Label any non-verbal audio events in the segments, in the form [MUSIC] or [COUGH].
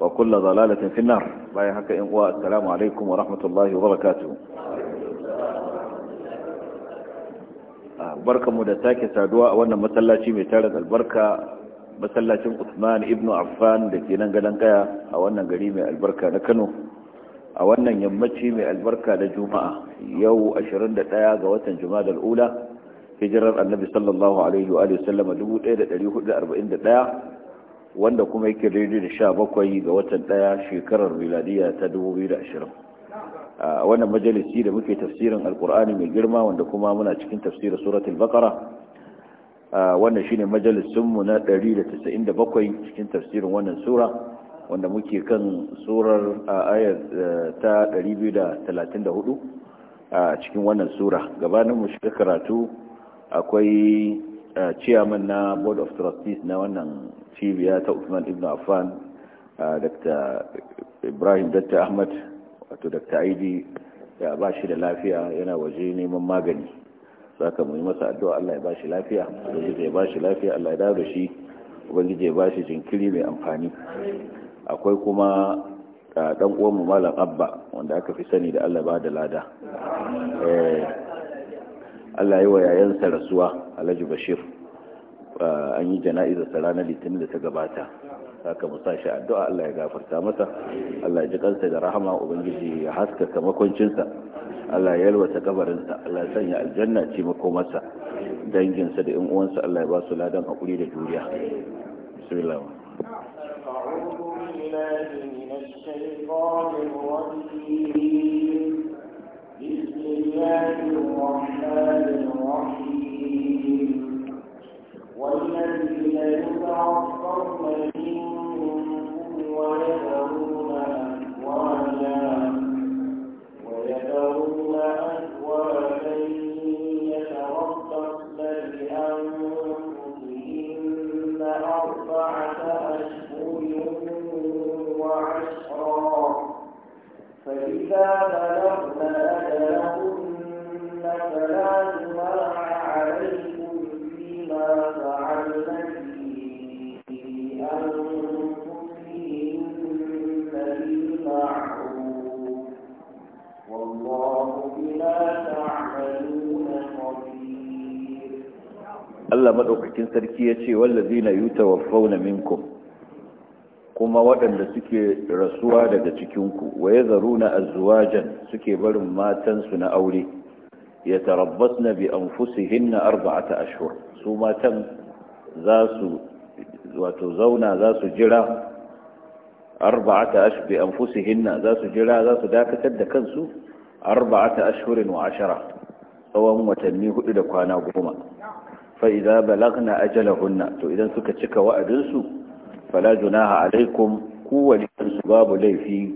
wa kulla zalalatin finnar bayan haka in uwa assalamu alaikum wa rahmatullahi wa barakatuh ah, barkamu da sake saduwa a wannan masallaci mai tarin albarka masallacin Usman ibn Affan da ke nan gadon kaya a wannan gari mai albarka na Kano a wannan yammaci mai albarka da Juma'a yau 21 ga watan Juma'a al-Ula hijirar Annabi sallallahu alaihi wa sallam 1441 wanda kuma yake daidai da sha bakwai ga watan ɗaya shekarar miladiya ta dubu biyu da ashirin a wannan majalisi da muke tafsirin alkur'ani mai girma wanda kuma muna cikin tafsirin surat suratul baqara wannan shine mu na da da bakwai cikin tafsirin wannan sura wanda muke kan surar a ayar e, ta hudu a cikin wannan sura gabanin mu shiga karatu akwai ciyaman na board of trustees na wannan cibiya ta usman ibn affan dr ibrahim dr. ahmad wato dr aidi ya ba shi da lafiya yana waje neman magani saka mu yi masa addu'a Allah ya ba shi lafiya ubangiji ya ba shi lafiya Allah ya dawo da shi ubangiji ya ba shi jinkiri mai amfani akwai kuma dan uwan mu malam abba wanda aka fi sani da Allah ba da lada eh Allah yi wa yayansa rasuwa Alhaji Bashir an yi jana'izar sa ranar litinin da ta gabata haka mu shi addu'a Allah ya gafarta masa Allah ya ji kansa da rahama ubangiji ya haskaka makoncinsa Allah ya yalwata kabarinsa Allah ya sanya aljanna ce makomarsa danginsa da 'yan uwansa Allah ya ba su ladan hakuri da juriya bismillah والذين يتعصرن منكم ويذرون ويذرون أربعة أشهر وعشرا فإذا بلغنا Allah madaukakin sarki ya ce na wallazina yutawaffawna minkum kuma waɗanda suke rasuwa daga cikinku wa yazaruna azwajan suke barin matansu na aure yatarabbasna bi anfusihinna arba'ata ashhur su matan za su wato zauna za su jira arba'ata ashhur bi hinna za su jira za su dakatar da kansu arba'ata ashhurin wa ashara tsawon watanni hudu da kwana goma fa'iza balagna ajalahunna to idan suka cika wa'adinsu fala junaha alaikum kowane su babu laifi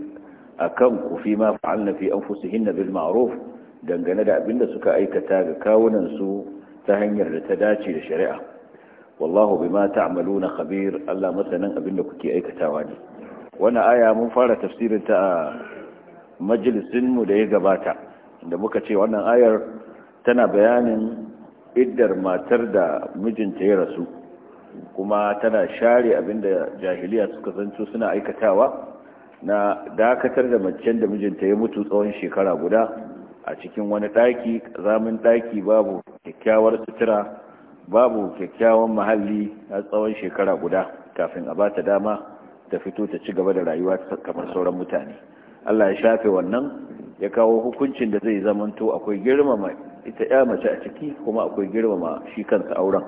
a kan ku fi ma fa'alna fi an fusuhinna bil ma'aruf dangane da abin da suka aikata ga kawunansu ta hanyar da ta dace da shari'a wallahu bima ta'maluna khabir Allah masanin abin da kuke aikatawa ne Wani aya mun fara tafsirin ta a majalisin mu da ya gabata da muka ce wannan ayar tana bayanin iddar matar da mijinta ya rasu kuma tana share abin da jahiliya suka zanto suna aikatawa na dakatar da macen da mijinta ya mutu tsawon shekara guda a cikin wani daki zamin daki babu kyakkyawar sutura babu kyakkyawan mahalli a tsawon shekara guda kafin a bata dama ta fito ta ci gaba da rayuwa kamar sauran mutane Allah ya shafe wannan ya kawo hukuncin da zai zamanto akwai girmama ita ya mace a ciki kuma akwai girmama shi kanta auren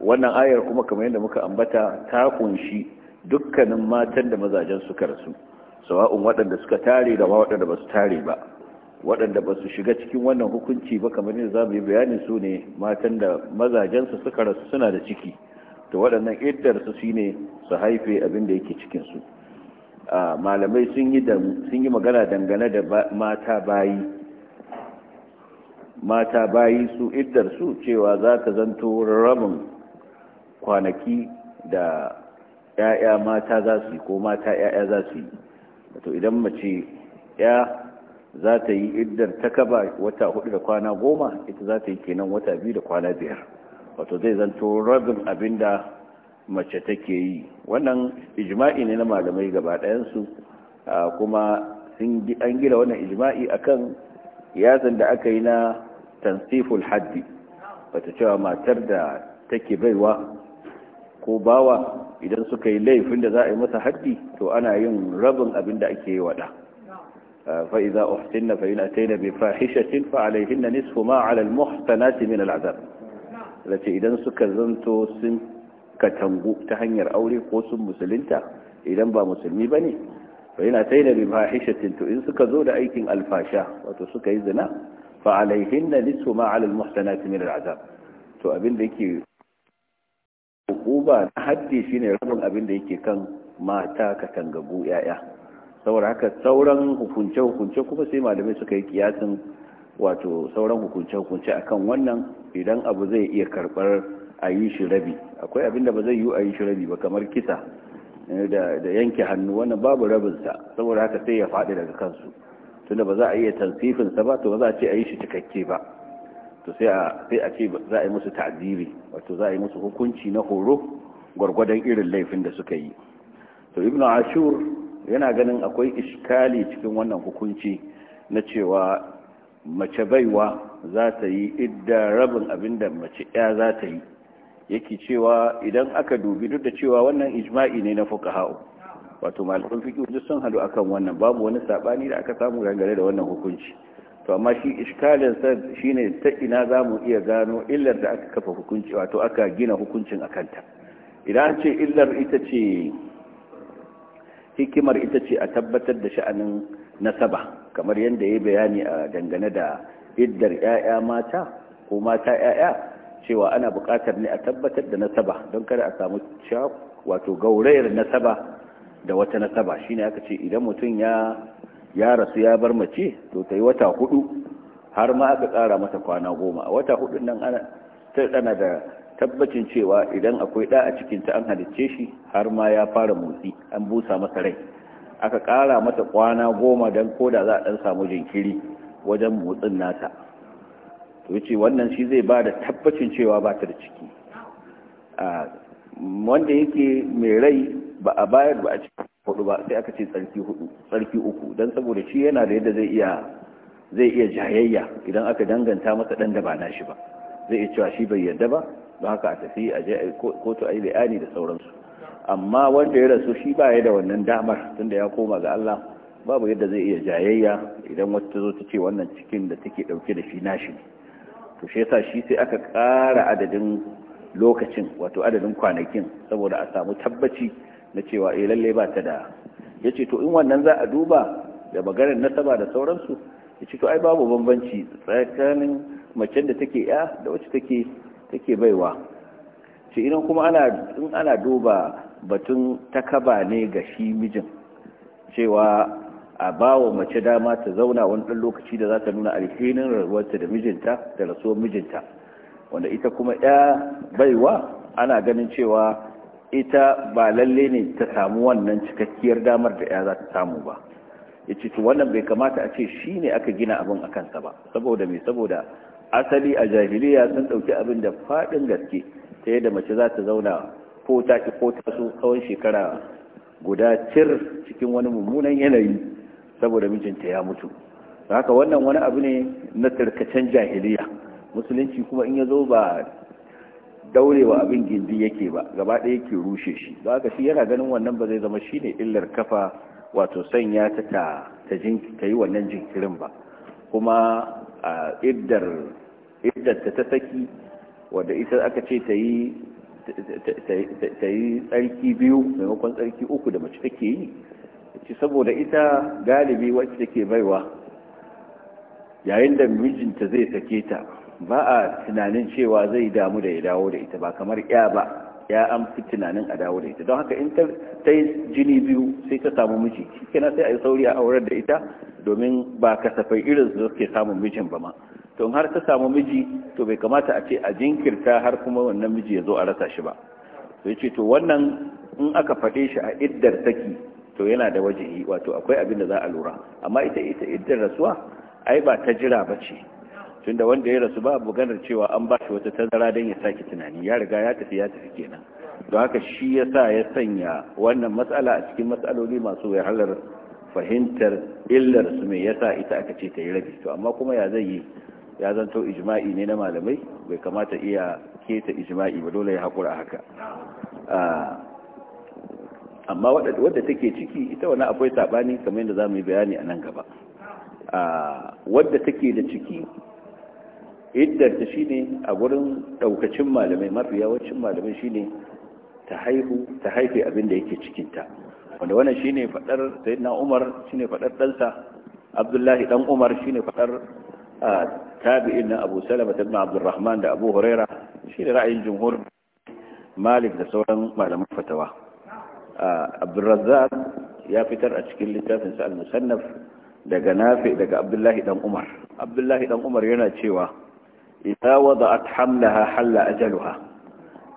wannan ayar kuma kamar yadda muka ambata ta kunshi dukkanin matan da mazajen suka rasu sawa'un waɗanda suka tare da waɗanda ba su tare ba waɗanda ba su shiga cikin wannan hukunci ba kamar yadda za mu yi bayani su ne matan da mazajensu suka rasu suna da ciki to waɗannan iddarsu shi ne su haife abin da yake cikinsu malamai sun yi magana dangane da mata bayi mata bayi su iddar su cewa za ta zanto rabin kwanaki da ‘ya'ya mata za su yi ko mata ‘ya'ya za su yi wato idan mace ‘ya za ta yi iddar ta kaba wata hudu da kwana goma ita za ta yi kenan wata biyu da kwana biyar wato zai zanto rabin abin da mace take yi wannan ijma'i ne na malamai gaba ɗayansu kuma an gina wannan ijma'i akan yasan da aka yi na tansiful haddi bata cewa matar da take baiwa ko bawa idan suka yi laifin da za a yi masa haddi to ana yin rabin abin da ake yi wada fa'iza uhsinna fa in ataina bi fahishatin fa alaihinna nisfu ma ala al min al azab ce idan suka zanto sun katangu ta hanyar aure ko sun musulunta idan ba musulmi bane fa in ataina bi fahishatin to in suka zo da aikin alfasha wato suka yi zina fa na nisu ma alal muhsanati min to abin da yake hukuba na haddi shine rabin abin da yake kan mata katangagu yaya saboda haka sauran hukunce hukunce kuma sai malamai suka yi kiyasin wato sauran hukunce hukunce akan wannan idan abu zai iya karbar ayi shi rabi akwai abin da ba zai yi a shi rabi ba kamar kisa eh, da yanke hannu wannan babu rabin sa saboda haka sai ya faɗi daga kansu tunda ba za a iya sa ba to ba za a ce a yi shi cikakke ba to sai a ce za a yi musu ta'adiri wato za a yi musu hukunci na horo gwargwadon irin laifin da suka yi to ibn ashur yana ganin akwai iskali cikin wannan hukunci na cewa mace baiwa za ta yi idda rabin abinda mace ya za ta yi yake cewa idan aka dubi duk da cewa wannan ijma'i ne na fuqaha'u wato malaman fiqh wajen sun hadu akan wannan babu wani sabani da aka samu gangare da wannan hukunci to amma shi iskalin sa shine ta ina zamu iya gano illar da aka kafa hukunci wato aka gina hukuncin akanta idan an ce illar ita ce hikimar ita ce a tabbatar da sha'anin nasaba kamar yadda ya bayani a dangane da iddar 'ya'ya mata ko mata 'ya'ya cewa ana buƙatar ne a tabbatar da nasaba don kada a samu wato gaurayar nasaba da wata nasaba ne aka ce idan mutum ya rasu ya bar mace to ta yi wata hudu har ma aka tsara mata kwana goma a wata hudun nan ana dana da tabbacin cewa idan akwai ɗa a cikinta an halicce shi har ma ya fara motsi an busa masa rai aka kara mata kwana goma don koda za a ɗan samu jinkiri wajen motsin nata to yace wannan shi zai ba da tabbacin cewa ba ta da ciki wanda yake mai rai ba a bayar ba a cikin hudu ba sai aka ce tsarki hudu tsarki uku don saboda shi yana da yadda zai iya zai iya jayayya idan aka danganta masa dan da ba na shi ba zai iya cewa shi bai yadda ba don haka a tafi a je kotu a yi bayani da sauransu amma wanda ya rasu shi baya da wannan damar tunda ya koma ga Allah babu yadda zai iya jayayya idan wata ta zo ta ce wannan cikin da take dauke da shi nashi ne to shi yasa shi sai aka ƙara adadin lokacin wato adadin kwanakin saboda a samu tabbaci na cewa eh lalle ba ta da yace to in wannan za a duba da maganar nasaba da sauransu yace to ai babu bambanci tsakanin macen da take ya da wacce take take baiwa ce idan kuma ana in ana duba batun takaba ne ga shi mijin cewa a bawa mace dama ta zauna wani ɗan lokaci da za ta nuna alhinin rarwarta da mijinta da rasuwar mijinta wanda ita kuma ya baiwa ana ganin cewa ita ba lalle ne ta samu wannan cikakkiyar damar da ya za ta samu ba ya ce to wannan bai kamata a ce shi ne aka gina abin a kansa ba saboda mai saboda asali a jahiliya sun ɗauki abin da faɗin gaske ta da mace za ta zauna ko ta ki ko ta su tsawon shekara guda cir cikin wani mummunan yanayi saboda mijinta ya mutu haka wannan wani abu ne na tarkacen jahiliya musulunci kuma in ya zo ba daurewa abin gindi yake ba gaba ɗaya yake rushe shi don ka shi yana ganin wannan ba zai zama shine illar kafa wato sanya ta ta ta yi wannan jinkirin ba kuma a iddar ta ta saki wadda ita aka ce ta yi ta yi tsarki biyu maimakon tsarki uku da mace take yi ci saboda ita galibi wacce take baiwa yayin da mijinta zai sake ta ba a tunanin cewa zai damu da ya dawo da ita ba kamar ya ba ya an fi tunanin a dawo da ita don haka in ta yi jini biyu sai ta samu miji kina sai a yi sauri a aurar da ita domin ba kasafai irin su ke samun mijin ba ma to har ta samu miji to bai kamata a ce a jinkirta har kuma wannan miji ya zo a rasa shi ba to ce to wannan in aka faɗe shi a iddar saki to yana da wajihi wato akwai abin da za a lura amma ita ita iddar rasuwa ai ba ta jira ba ce tunda wanda ya rasu ba a maganar cewa an ba shi wata tazara don ya sake tunani ya riga ya tafi ya tafi kenan don haka shi ya sa ya sanya wannan matsala a cikin matsaloli masu wahalar fahimtar illar su mai sa ita aka ce ta yi rabi to amma kuma ya zai yi ya zanto ijma'i ne na malamai bai kamata iya keta ijma'i ba dole ya haƙura haka ah, amma wadda take ciki ita wani akwai sabani kamar yadda za mu yi bayani a nan gaba ah, wadda take da ciki iddarta ne a gurin daukacin malamai mafi yawancin malamai shine ta haihu ta haife abinda yake cikinta wanda wannan shine fadar sayyidina Umar shine fadar ɗansa Abdullahi ɗan Umar shine fadar tabi'in na Abu Salama ibn Abdurrahman da Abu Huraira ne ra'ayin jumhur Malik da sauran malamai fatawa Abdurrazzaq ya fitar a cikin littafinsa al-Musannaf daga Nafi daga Abdullahi ɗan Umar Abdullahi ɗan Umar yana cewa idza wada'at hamlaha halla ajaluha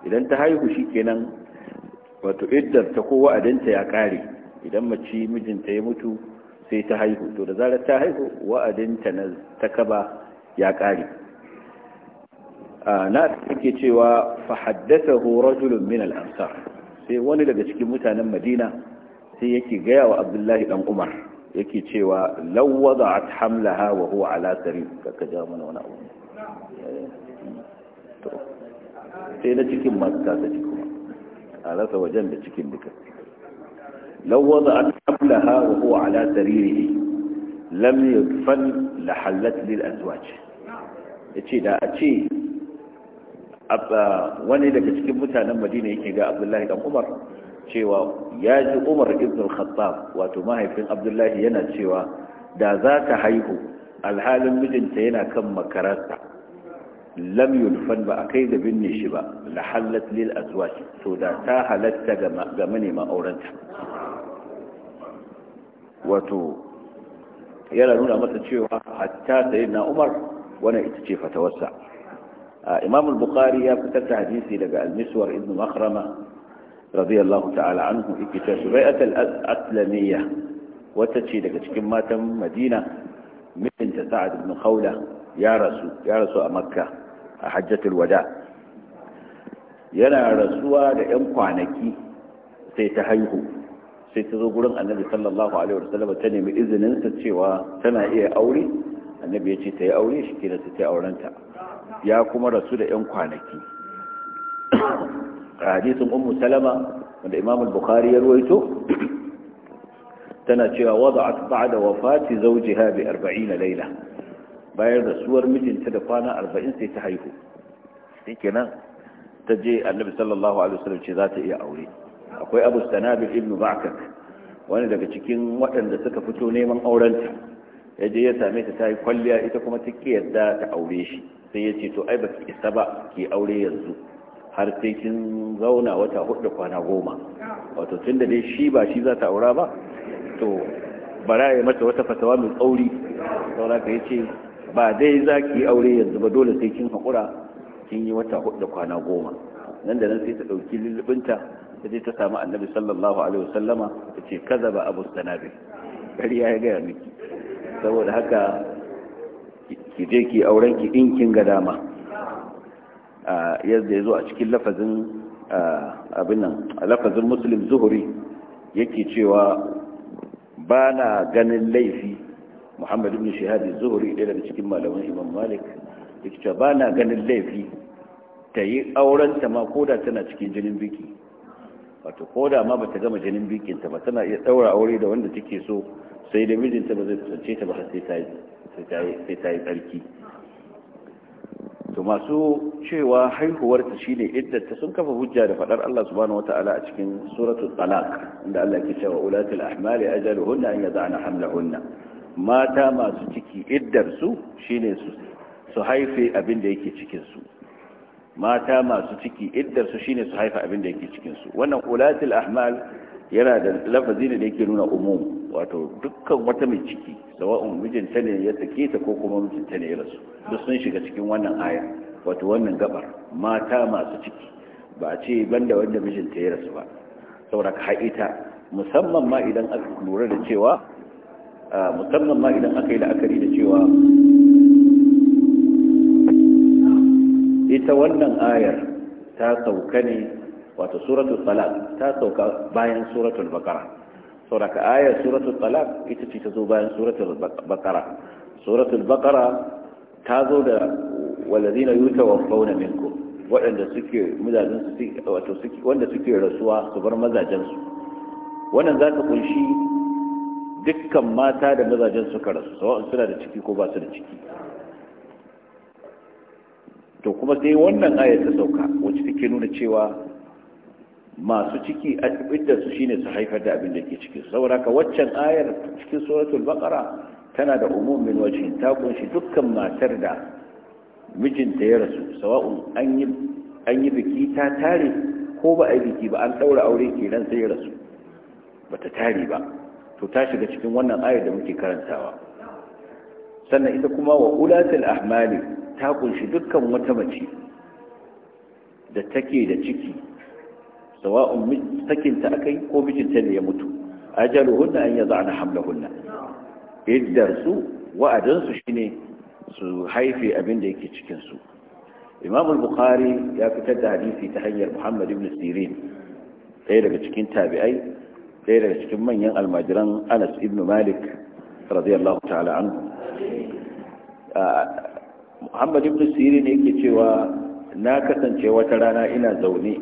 idan ta haihu kenan wato iddar ta ko wa'adinta ya kare idan mace mijinta ya mutu sai ta haihu to da zarar ta haihu wa'adinta na ta kaba ya kare na take cewa fa haddathahu rajulun min al-ansar sai wani daga cikin mutanen Madina sai yake gaya wa Abdullahi dan Umar yake cewa law wada'at hamlaha wa huwa ala sarir kaka ja wani abu sai na cikin masu kasa ci kuma a rasa wajen da cikin duka lawwaza an kamlaha wa kowa ala ne lamir fan la halat lil ya ce da a ce wani daga cikin mutanen Madina yake ga Abdullahi dan Umar cewa ya ji Umar ibn al-Khattab wato mahaifin Abdullahi yana cewa da za ta haihu alhalin mijinta yana kan makararsa لم يدفن بأكيد دبني شبا لحلت للأزواج سودا تاهلت تغمني ما أورنت وتو يلا نونا متشيوا حتى سيدنا عمر وانا اتشيف فتوسع آه، إمام البخاري يا يفتت حديثي لقى المسور ابن مخرمة رضي الله تعالى عنه اكتاس بيئة الأسلمية وتتشي لقى تكماتا مدينة من تساعد ابن خولة يا رسول يا رسول مكة a hajjatul wada yana rasuwa da 'yan kwanaki sai ta haihu sai ta zo gurin annabi sallallahu alaihi wasallam ta nemi izinin sa cewa tana iya aure annabi ya ce ta yi aure shi kenan ta ta aurenta ya kuma rasu da 'yan kwanaki a hadisin ummu salama wanda imam al-bukhari ya ruwaito tana cewa wada'at ba'da wafati zawjiha bi 40 layla bayan rasuwar mijinta da kwana arba'in sai ta haihu shi kenan ta je annabi sallallahu alaihi wasallam ce za ta iya aure akwai abu sanabi ibnu ba'kak wani daga cikin waɗanda suka fito neman aurenta ya je ya same ta ta yi kwalliya ita kuma ta ki yadda ta aure shi sai ya ce to ai ba ki isa ba ki aure yanzu har sai kin zauna wata hudu kwana goma wato tun da dai shi ba shi za ta aura ba to bara ya mata wata fatawa mai tsauri saura ka ya ce ba dai za ki yi aure yanzu ba dole sai kin haƙura kin yi wata hudu da kwana goma nan da nan sai ta ɗauki lullubinta ta je ta samu annabi sallallahu alaihi wasallama ta ce kaza ba abu sanabi gari ya gaya miki saboda haka ki je ki auren ki in kin ga dama yadda ya zo a cikin lafazin abin nan lafazin muslim zuhuri yake cewa ba na ganin laifi Muhammadu bin shahab az-zuhri ɗaya daga cikin malaman imam malik yake ba na ganin laifi ta yi aurenta ma koda tana cikin jinin biki wato koda ma bata gama jinin bikin ta ba tana iya daura aure da wanda take so sai da mijinta ba zai kusance ta ba sai ta yi sai ta yi tsarki to masu cewa haihuwarta shine ta sun kafa hujja da fadar Allah subhanahu wataala a cikin suratul talaq inda Allah yake cewa ulatul ahmali ajaluhunna an yad'ana hamlahunna mata masu ciki iddarsu shine su su haife abin da yake cikinsu mata masu ciki iddarsu shine su haife abin da yake cikinsu wannan ulatul ahmal yana da lafazi ne da yake nuna umum wato dukkan wata mai ciki sawa'un mijinta ne ya sake ta ko kuma mijinta ne ya rasu duk sun shiga cikin wannan aya wato wannan gabar mata masu ciki ba a ce banda wanda mijinta ya rasu ba saboda ka haita musamman ma idan aka lura da cewa musamman ma idan aka yi la'akari da cewa ita wannan ayar ta sauka ne wato suratul talaq ta sauka bayan suratul baqara saboda ayar suratul talaq ita ce ta zo bayan suratul baqara suratul baqara ta zo da walazina yutawaffawna minkum waɗanda suke muzajin su wato suke wanda suke rasuwa su bar mazajensu. su wannan zaka kunshi dukkan mata da mazajen suka rasu sawa'un suna da ciki ko ba su da ciki to kuma sai wannan ayar ta sauka wacce take nuna cewa masu ciki a su shine su haifar da abin da ke ciki saboda ka waccan ayar cikin suratul baqara tana da umumin wajhin ta kunshi dukkan matar da mijinta ya rasu sawa'un an yi an yi biki ta tare ko ba a yi biki ba an ɗaura aure kenan sai ya rasu bata tare ba to ta shiga cikin wannan ayar da muke karantawa sannan ita kuma wa ulatul ahmali ta kunshi dukkan wata mace da take da ciki sawa'un sakinta akai ko mijinta ne ya mutu ajaluhunna an yaz'ana hamlahunna iddar su wa'adan su shine su haife abin da yake cikin su imam al-bukhari ya fitar da hadisi ta hanyar muhammad ibn sirin ɗaya daga cikin tabi'ai ɗaya daga cikin manyan almajiran anas ibn malik radiyallahu ta'ala anhu muhammad ibn sirin yake cewa na kasance wata rana ina zaune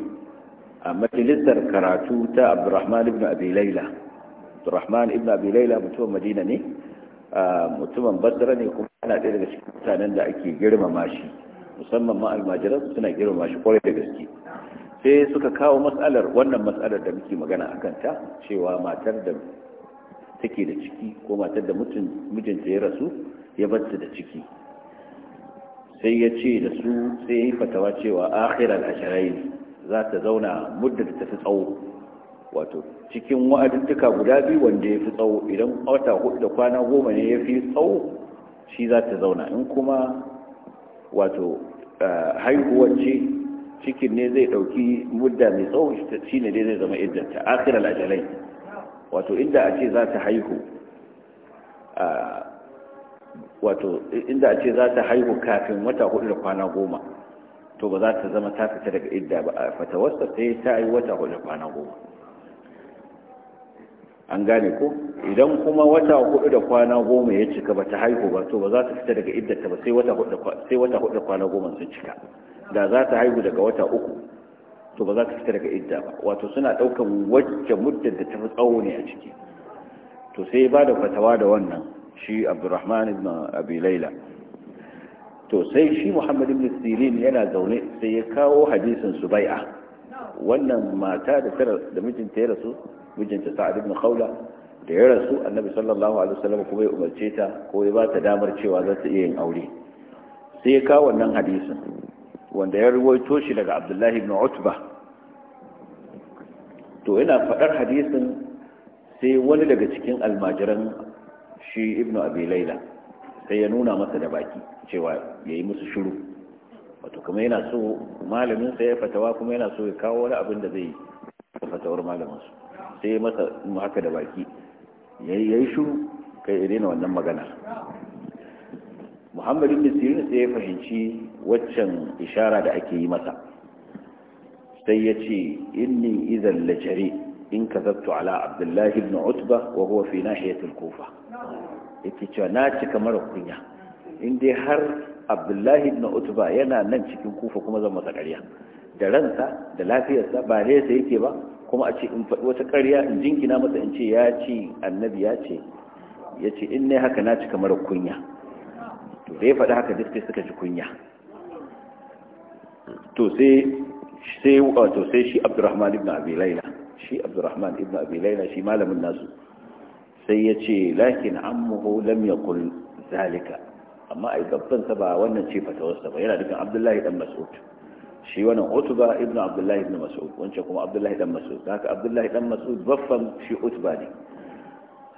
a majalisar karatu ta abdurrahman ibn abi laila abdurrahman ibn abi laila mutumin madina ne mutumin basra ne kuma ana ɗaya daga cikin mutanen da ake girmama shi musamman ma almajiran suna girmama shi kwarai da gaske sai suka kawo matsalar wannan matsalar da muke magana a kanta cewa matar da take da ciki ko matar da mijinta ya rasu ya batta da ciki sai ya ce da su sai ya yi fatawa cewa akhirar ashirai za ta zauna muddin ta fi tsawo wato cikin wa'adintuka guda biyu wanda ya fi tsawo idan wata hudu da kwana goma ne ya fi tsawo shi za ta zauna in kuma wato ah, haihuwar ce cikin ne zai ɗauki mudda mai tsawo shi ne dai zai zama iddanta akira ajalai wato inda a ce za ta haihu wato inda a ce za ta haihu kafin wata hudu da kwana goma to ba za ta zama ta fita daga idda ba a ta yi ta yi wata hudu da kwana goma an gane ko idan kuma wata hudu da kwana goma ya cika ba ta haihu ba to ba za ta fita daga iddata ba sai wata hudu da kwana goma sun cika da za ta haihu daga wata uku to ba za ta fita daga idda ba wato suna daukan wacce muddar da ta fi tsawo ne a ciki to sai ba da fatawa da wannan shi abdurrahman ibn abi laila to sai shi muhammad ibn sirin yana zaune sai ya kawo hadisin subai'a wannan mata da da mijinta ya rasu mijinta sa'ad ibn khawla da ya rasu annabi sallallahu alaihi wasallam kuma ya umarce ta ko ya ba ta damar cewa za ta iya yin aure sai ya kawo wannan hadisin wanda ya ruwaito shi daga abdullahi ibn utba to yana faɗar hadisin sai wani daga cikin almajiran shi ibn abi laila sai ya nuna masa da baki cewa ya yi musu shiru wato kuma yana so malamin sa ya fatawa kuma yana so ya kawo wani abin da zai fatawar malamin su sai masa haka da baki yi shiru kai ya daina wannan magana muhammad ibn sirin sai ya fahimci waccan ishara da ake yi masa sai ya ce inni idan lajari in kazabtu ala abdullahi ibn utba wa huwa fi nahiyatil kufa yake cewa na cika mara kunya in dai har abdullahi ibn utba yana nan cikin kufa kuma zan masa ƙarya da ransa da lafiyarsa ba ne sai yake ba kuma a ce in faɗi wata ƙarya in jingina masa in ce ya ce annabi ya ce ya ce in ne haka na cika mara kunya to da faɗi haka duk sai suka ji kunya to sai sai wato sai shi abdurrahman ibn abi laila shi abdurrahman ibn abi laila shi malamin nasu sai ya ce lakin ammuhu lam yaqul zalika amma ai babban sa ba wannan ce fatawarsa ba yana dukan abdullahi dan mas'ud shi wannan utba ibn abdullahi ibn mas'ud wancan kuma abdullahi dan mas'ud haka abdullahi dan mas'ud baffan shi utba ne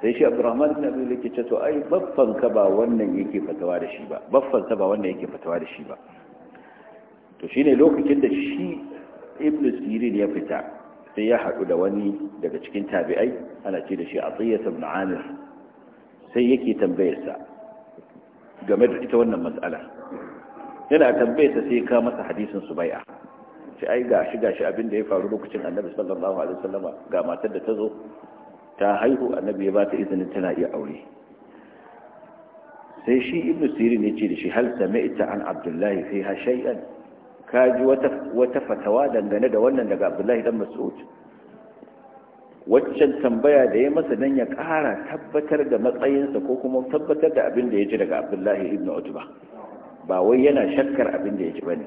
sai shi abdurrahman ibn abi lake ce to ai baffan ka ba wannan yake fatawa da shi ba baffan ta ba wannan yake fatawa da shi ba to shine lokacin da shi ibn sirin ya fita sai ya haɗu da wani daga cikin tabi'ai ana ce da shi atiyya ibn amir sai yake tambayarsa game da ita wannan mas'ala yana tambaye ta sai ka masa hadisin su bai'a sai ai ga shi abin da ya faru lokacin annabi sallallahu alaihi wasallama ga matar da ta zo ta haihu annabi ya ba ta izinin tana iya aure sai shi ibnu sirin ya ce da shi hal sami'ta an abdullahi fiha shay'an ka ji wata wata fatawa dangane da wannan daga abdullahi dan mas'ud waccan tambaya da ya masa dan ya ƙara tabbatar da matsayinsa ko kuma tabbatar da abin da ya ji daga abdullahi ibnu utba ba wai yana shakkar abin da ya ji bane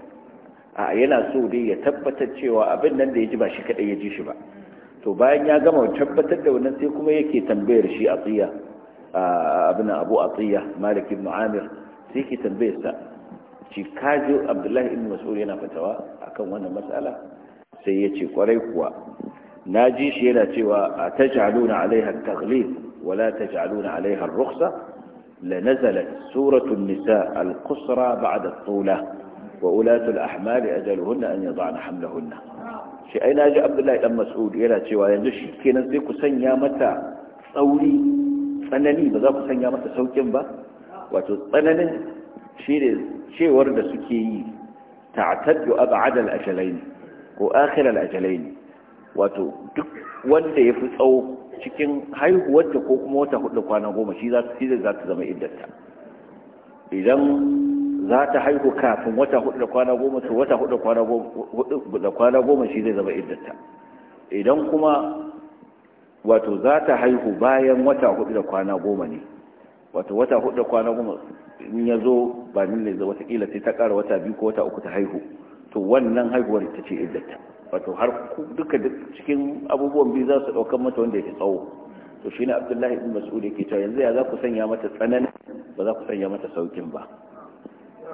a yana so dai ya tabbatar cewa abin nan da ya ji ba shi kadai ya ji shi ba to bayan ya gama tabbatar da wannan sai kuma yake tambayar shi a tsiya abin abu a tsiya malik ibn amir sai yake tambayar sa ci kaji abdullahi ibn mas'ud yana fatawa akan wannan matsala sai ya ce kwarai kuwa na ji shi yana cewa a taj'aluna alaiha at-taghlib wala taj'aluna alaiha ar-rukhsa لنزلت سورة النساء القصرى بعد ا ل الأحمال أجلهن أن يضعن حملهن في أين ي عبد الله بن مسعود الى سواي النشي كي نزلك سنيا متى صوري صنني بذاك سنيا متى سوكن ب ا وتطنن شي ورد سكي تعتد أبعد الأجلين وآخر الأجلين ا وتدك ولد يفوز cikin haihuwarta ko kuma wata hudu kwana goma shi za ta za su zama iddarta idan za ta haihu kafin wata hudu da kwana goma to wata hudu da kwana goma shi zai zama iddarta idan kuma wato za ta haihu bayan wata hudu da kwana goma ne wato wata hudu da kwana goma in ya zo ba nile da watakila sai ta kara wata biyu ko wata uku ta haihu to wannan haihuwar ta ce iddarta wato har duka cikin abubuwan biyu za su ɗaukar mata wanda yake tsawo to shine abdullahi ibn mas'ud yake cewa yanzu ya za ku sanya mata tsananin, ba za ku sanya mata saukin ba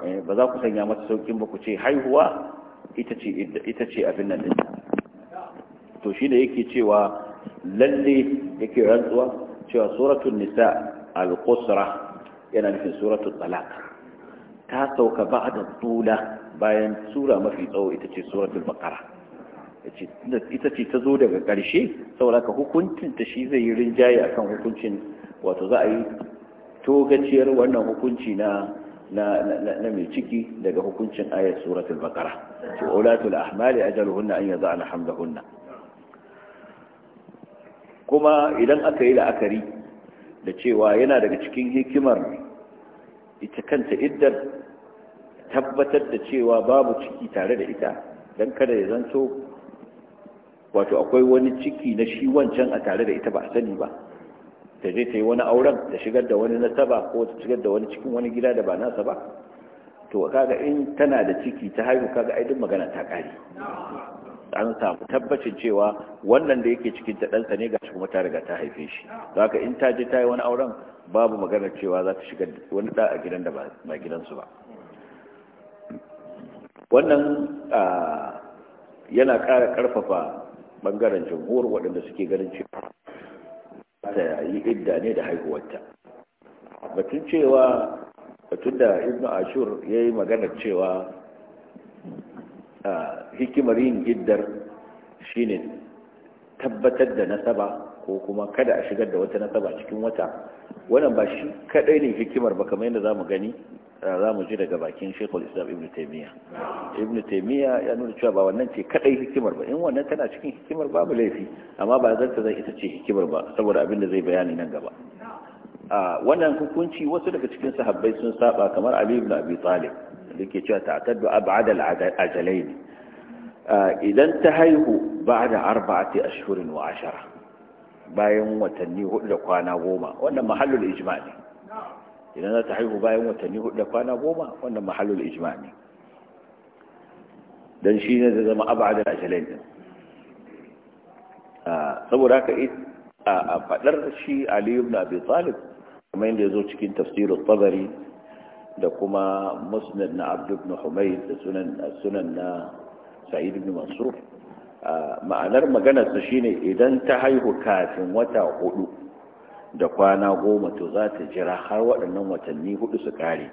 eh, ba za ku sanya mata saukin ba ku ce haihuwa ita ce ita ce abin nan din to shine yake cewa lalle yake rantsuwa cewa suratul nisa al-qusra yana nufin suratul talaq ta sauka ba'da tula bayan sura mafi tsawo ita ce suratul baqara ita ce ta zo daga ƙarshe saboda ka hukuncin ta shi zai yi rinjaye akan hukuncin wato za a yi togaciyar wannan hukunci na mai ciki daga hukuncin ayat suratul baqara to ulatul ahmali ajaluhunna an yaz'ala hamlahunna kuma idan aka yi la'akari da cewa yana daga cikin hikimar ita kanta iddar tabbatar da cewa babu ciki tare da ita don kada ya zanto wato akwai wani ciki na shi wancan a tare da ita ba a sani ba ta je ta yi wani auren ta shigar da wani nasaba ko ta shigar da wani cikin wani gida da ba nasa ba to kaga in tana da ciki ta haihu kaga ai duk magana ta kare an samu tabbacin cewa wannan da yake cikin ta ɗansa ne gashi kuma ta riga ta haife shi haka in ta je ta yi wani auren babu magana cewa za ta shigar wani da a gidan da ba gidansu ba wannan ah, yana ƙara ƙarfafa bangaren jamhur waɗanda suke ganin cewa ta yi idda ne da haihuwarta batun cewa batun da ibn ashur ya yi magana cewa hikimar yin iddar shine tabbatar da nasaba ko kuma kada a shigar da wata nasaba cikin wata wannan ba shi kadai ne hikimar ba kamar yadda za mu gani za mu ji daga bakin shekul islam ibn taimiyya ibn taimiyya ya nuna cewa ba wannan ce kadai hikimar ba in wannan tana cikin hikimar babu laifi amma ba zanta zai ita ce hikimar ba saboda abin da zai bayani nan gaba a wannan hukunci wasu daga cikin sahabbai sun saba kamar ali ibn abi talib da ke cewa ta'taddu ab'ad al-ajalain idan ta haihu ba'da arba'ati ashhurin wa ashara bayan watanni hudu da kwana goma wannan mahallul ijma' ne idan za ta haihu bayan watanni hudu da kwana goma wannan mahallul ijma ne dan shi ne zai zama abada ajalai din ah, saboda haka a fadar shi ali ibn abi talib kamar ya zo cikin tafsirin tabari da kuma musnad na Abdul ibn da sunan na sa'id ibn mansur ah, ma'anar maganar shine idan ta haihu kafin wata hudu da kwana goma to za ta jira har waɗannan watanni hudu su kare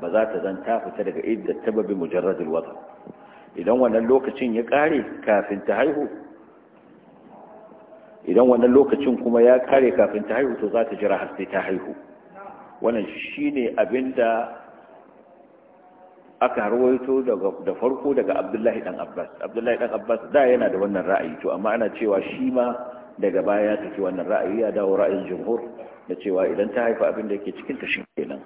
ba za ta zan ta fita daga idda tababi mujarradul wata idan wannan lokacin ya kare kafin ta haihu idan wannan lokacin kuma ya kare kafin ta haihu to za ta jira har sai ta haihu wannan shine abinda aka harwaito da farko daga abdullahi dan abbas abdullahi dan abbas da yana da wannan ra'ayi to amma ana cewa shi ma daga baya ya tafi wannan ra'ayi ya dawo ra'ayin jumhur da cewa idan ta haifa abin da yake cikin ta shi kenan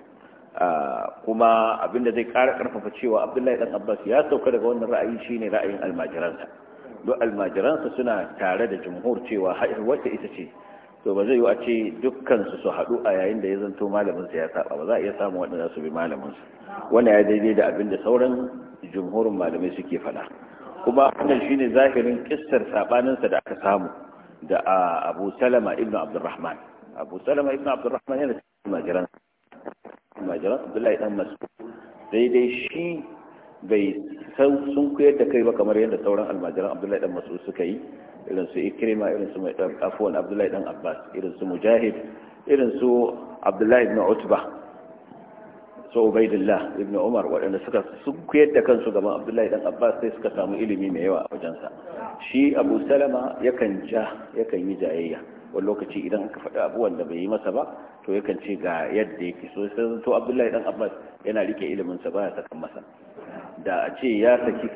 kuma abin da zai ƙara ƙarfafa cewa abdullahi dan abbas ya sauka daga wannan ra'ayi shine ra'ayin almajiransa duk almajiransa suna tare da jumhur cewa wacce ita ce to ba zai yi a ce dukkansu su haɗu a yayin da ya zanto sa ya saba ba za a iya samun waɗanda su bi sa wannan ya daidai da abin da sauran jumhurin malamai suke faɗa kuma wannan shine zahirin kissar sa da aka samu da abu salama ibn abdurrahman abu salama ibn abdurrahman yana cikin majiran majiran abdullahi dan masu daidai shi bai sun koyar da kai ba kamar yadda sauran almajiran abdullahi dan masu suka yi irin su ikrima irin su mai afuwan abdullahi dan abbas irin su mujahid irin su abdullahi ibn utba su ubaidullah ibn umar waɗanda suka sunkuyar da kansu gaban abdullahi dan abbas sai suka samu ilimi mai yawa a wajensa shi abu salama yakan ja yakan yi jayayya wani lokaci idan aka faɗi abu wanda bai yi masa ba to yakan ce ga yadda yake so sai to abdullahi dan abbas yana rike ilimin sa baya sakan masa da a ce ya saki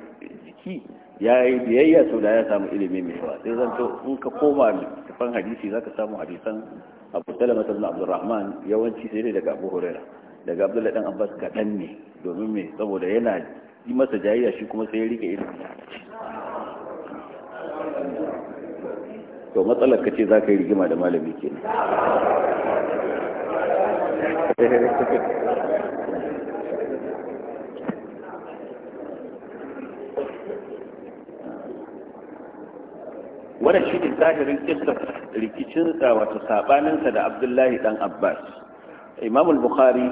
jiki ya yi biyayya to da ya samu ilimi mai yawa sai zan to in ka koma tafan hadisi zaka samu hadisan abu salama ibn rahman yawanci sai dai daga abu hurairah daga abdullahi dan abbas kaɗan ne domin me saboda yana yi masa jayayya shi kuma sai ya rike ilimi to matsalar ka ce za ka yi rigima da malami ke wannan shi ne zahirin rikicin rikicinsa wato sabaninsa da abdullahi dan abbas imam al-bukhari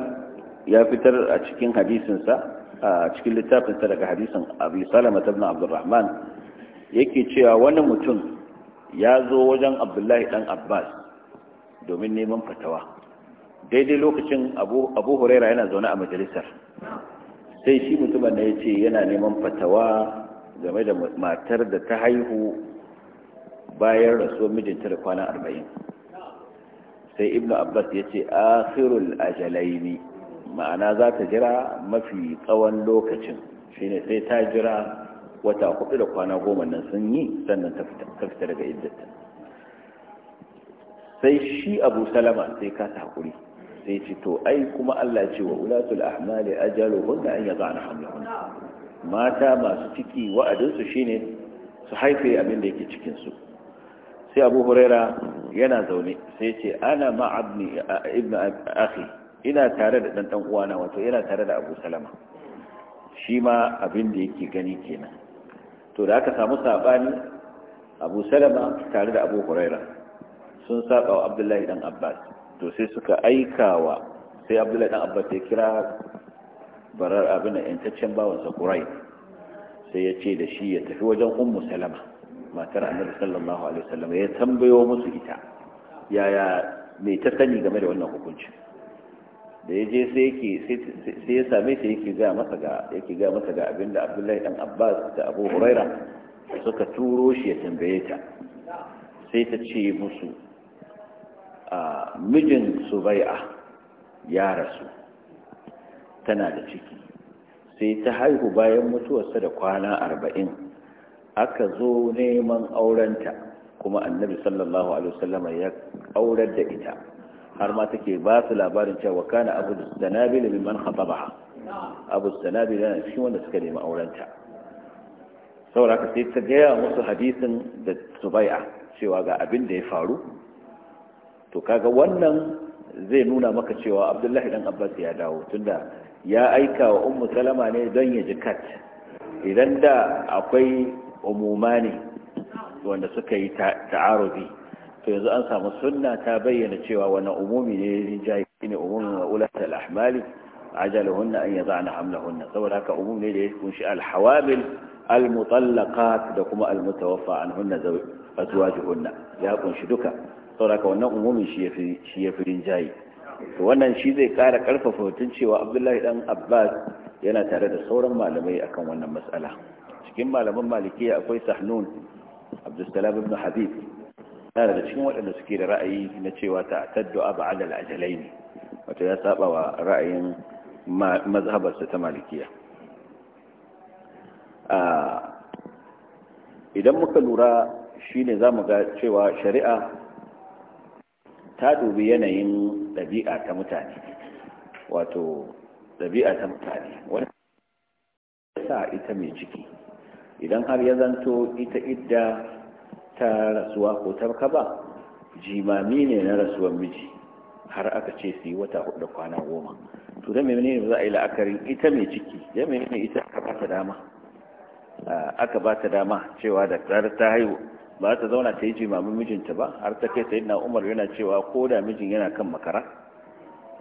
ya fitar a cikin hadisinsa a cikin littafinsa daga hadisin abu salama ta bin abdurrahman yake cewa wani mutum ya zo wajen abdullahi dan abbas domin neman fatawa daidai lokacin abu huraira yana zaune a majalisar sai shi mutumin da ya ce yana neman fatawa game da matar da ta haihu bayan rasuwar mijinta da kwana arba'in sai ibn abbas ya ce akhirul ajalaini ma'ana za ta jira mafi tsawon lokacin shine sai ta jira wata hudu da kwana goma nan sun yi sannan ta fita daga iddata sai shi abu salama sai ka ta haƙuri sai ci to ai kuma allah ce wa wulatul ahmali ajalo hunna an yaza na mata masu ciki wa'adinsu shine su haife abin da yake cikinsu sai abu huraira yana zaune sai ce ana ma'abni ibn akhi ina tare da dan uwana wato ina tare da Abu Salama shi ma abin da yake gani kenan to da aka samu sabani Abu Salama tare da Abu Huraira sun saba wa Abdullahi dan Abbas to sai suka aikawa sai Abdullahi dan Abbas ya kira barar abin da yantaccen bawansa kurai sai ya ce da shi ya tafi wajen Ummu Salama matar Annabi sallallahu alaihi wasallam ya tambayo musu ita yaya me ta sani game da wannan hukuncin da ya je sai ya same shi yake ga masa ga yake ga abinda Abdullahi dan Abbas da Abu Huraira suka turo shi ya tambaye ta sai ta ce musu a mijin a ya rasu tana da ciki sai ta haihu bayan mutuwarsa da kwana arba'in aka zo neman aurenta kuma annabi sallallahu alaihi wasallama ya aurar da ita har ma take ba su labarin cewa kana abu sanabil man khataba abu sanabil ne cikin wanda suka nemi aurenta saboda sai ta gaya musu hadisin da subai'a cewa ga abin da ya faru to kaga wannan zai nuna maka cewa abdullahi dan abbas ya dawo tunda ya aika wa ummu salama ne don ya ji kat idan da akwai umuma ne wanda suka yi ta'arudi to yanzu an samu sunna ta bayyana cewa wani umumi ne rinjaye ne umumin wa'ulatul ahmali ajaluhunna an yazana hamlahunna saboda haka umum ne da ya kunshi alhawamil almutallaqat da kuma almutawaffa anhunna azwajuhunna ya kunshi duka saboda haka wannan umumin shi yafi shi yafi rinjaye to wannan shi zai kara karfafa hutun cewa Abdullahi dan Abbas yana tare da sauran malamai akan wannan mas'ala cikin malaman malikiya akwai Sahnun Abdul Salam ibn Habib na da cikin waɗanda suke da ra'ayi na cewa ta taddu a adal ajalai ne wato ya saba wa ra'ayin mazhabarsa ta malikiya idan muka lura shi ne za mu ga cewa shari'a ta dubi yanayin ɗabi'a ta mutane wato ɗabi'a ta mutane wani sa ita mai ciki idan har ya zanto ita idda ta rasuwa ko ta kaba jimami ne na rasuwar miji har aka ce su yi wata hudu kwana goma to da mai ne za a yi la'akarin ita mai ciki da mai ne ita aka bata dama aka bata dama cewa da tsar ta haihu ba ta zauna ta yi jimamin mijinta ba har ta kai ta na umar yana cewa ko da mijin yana kan makara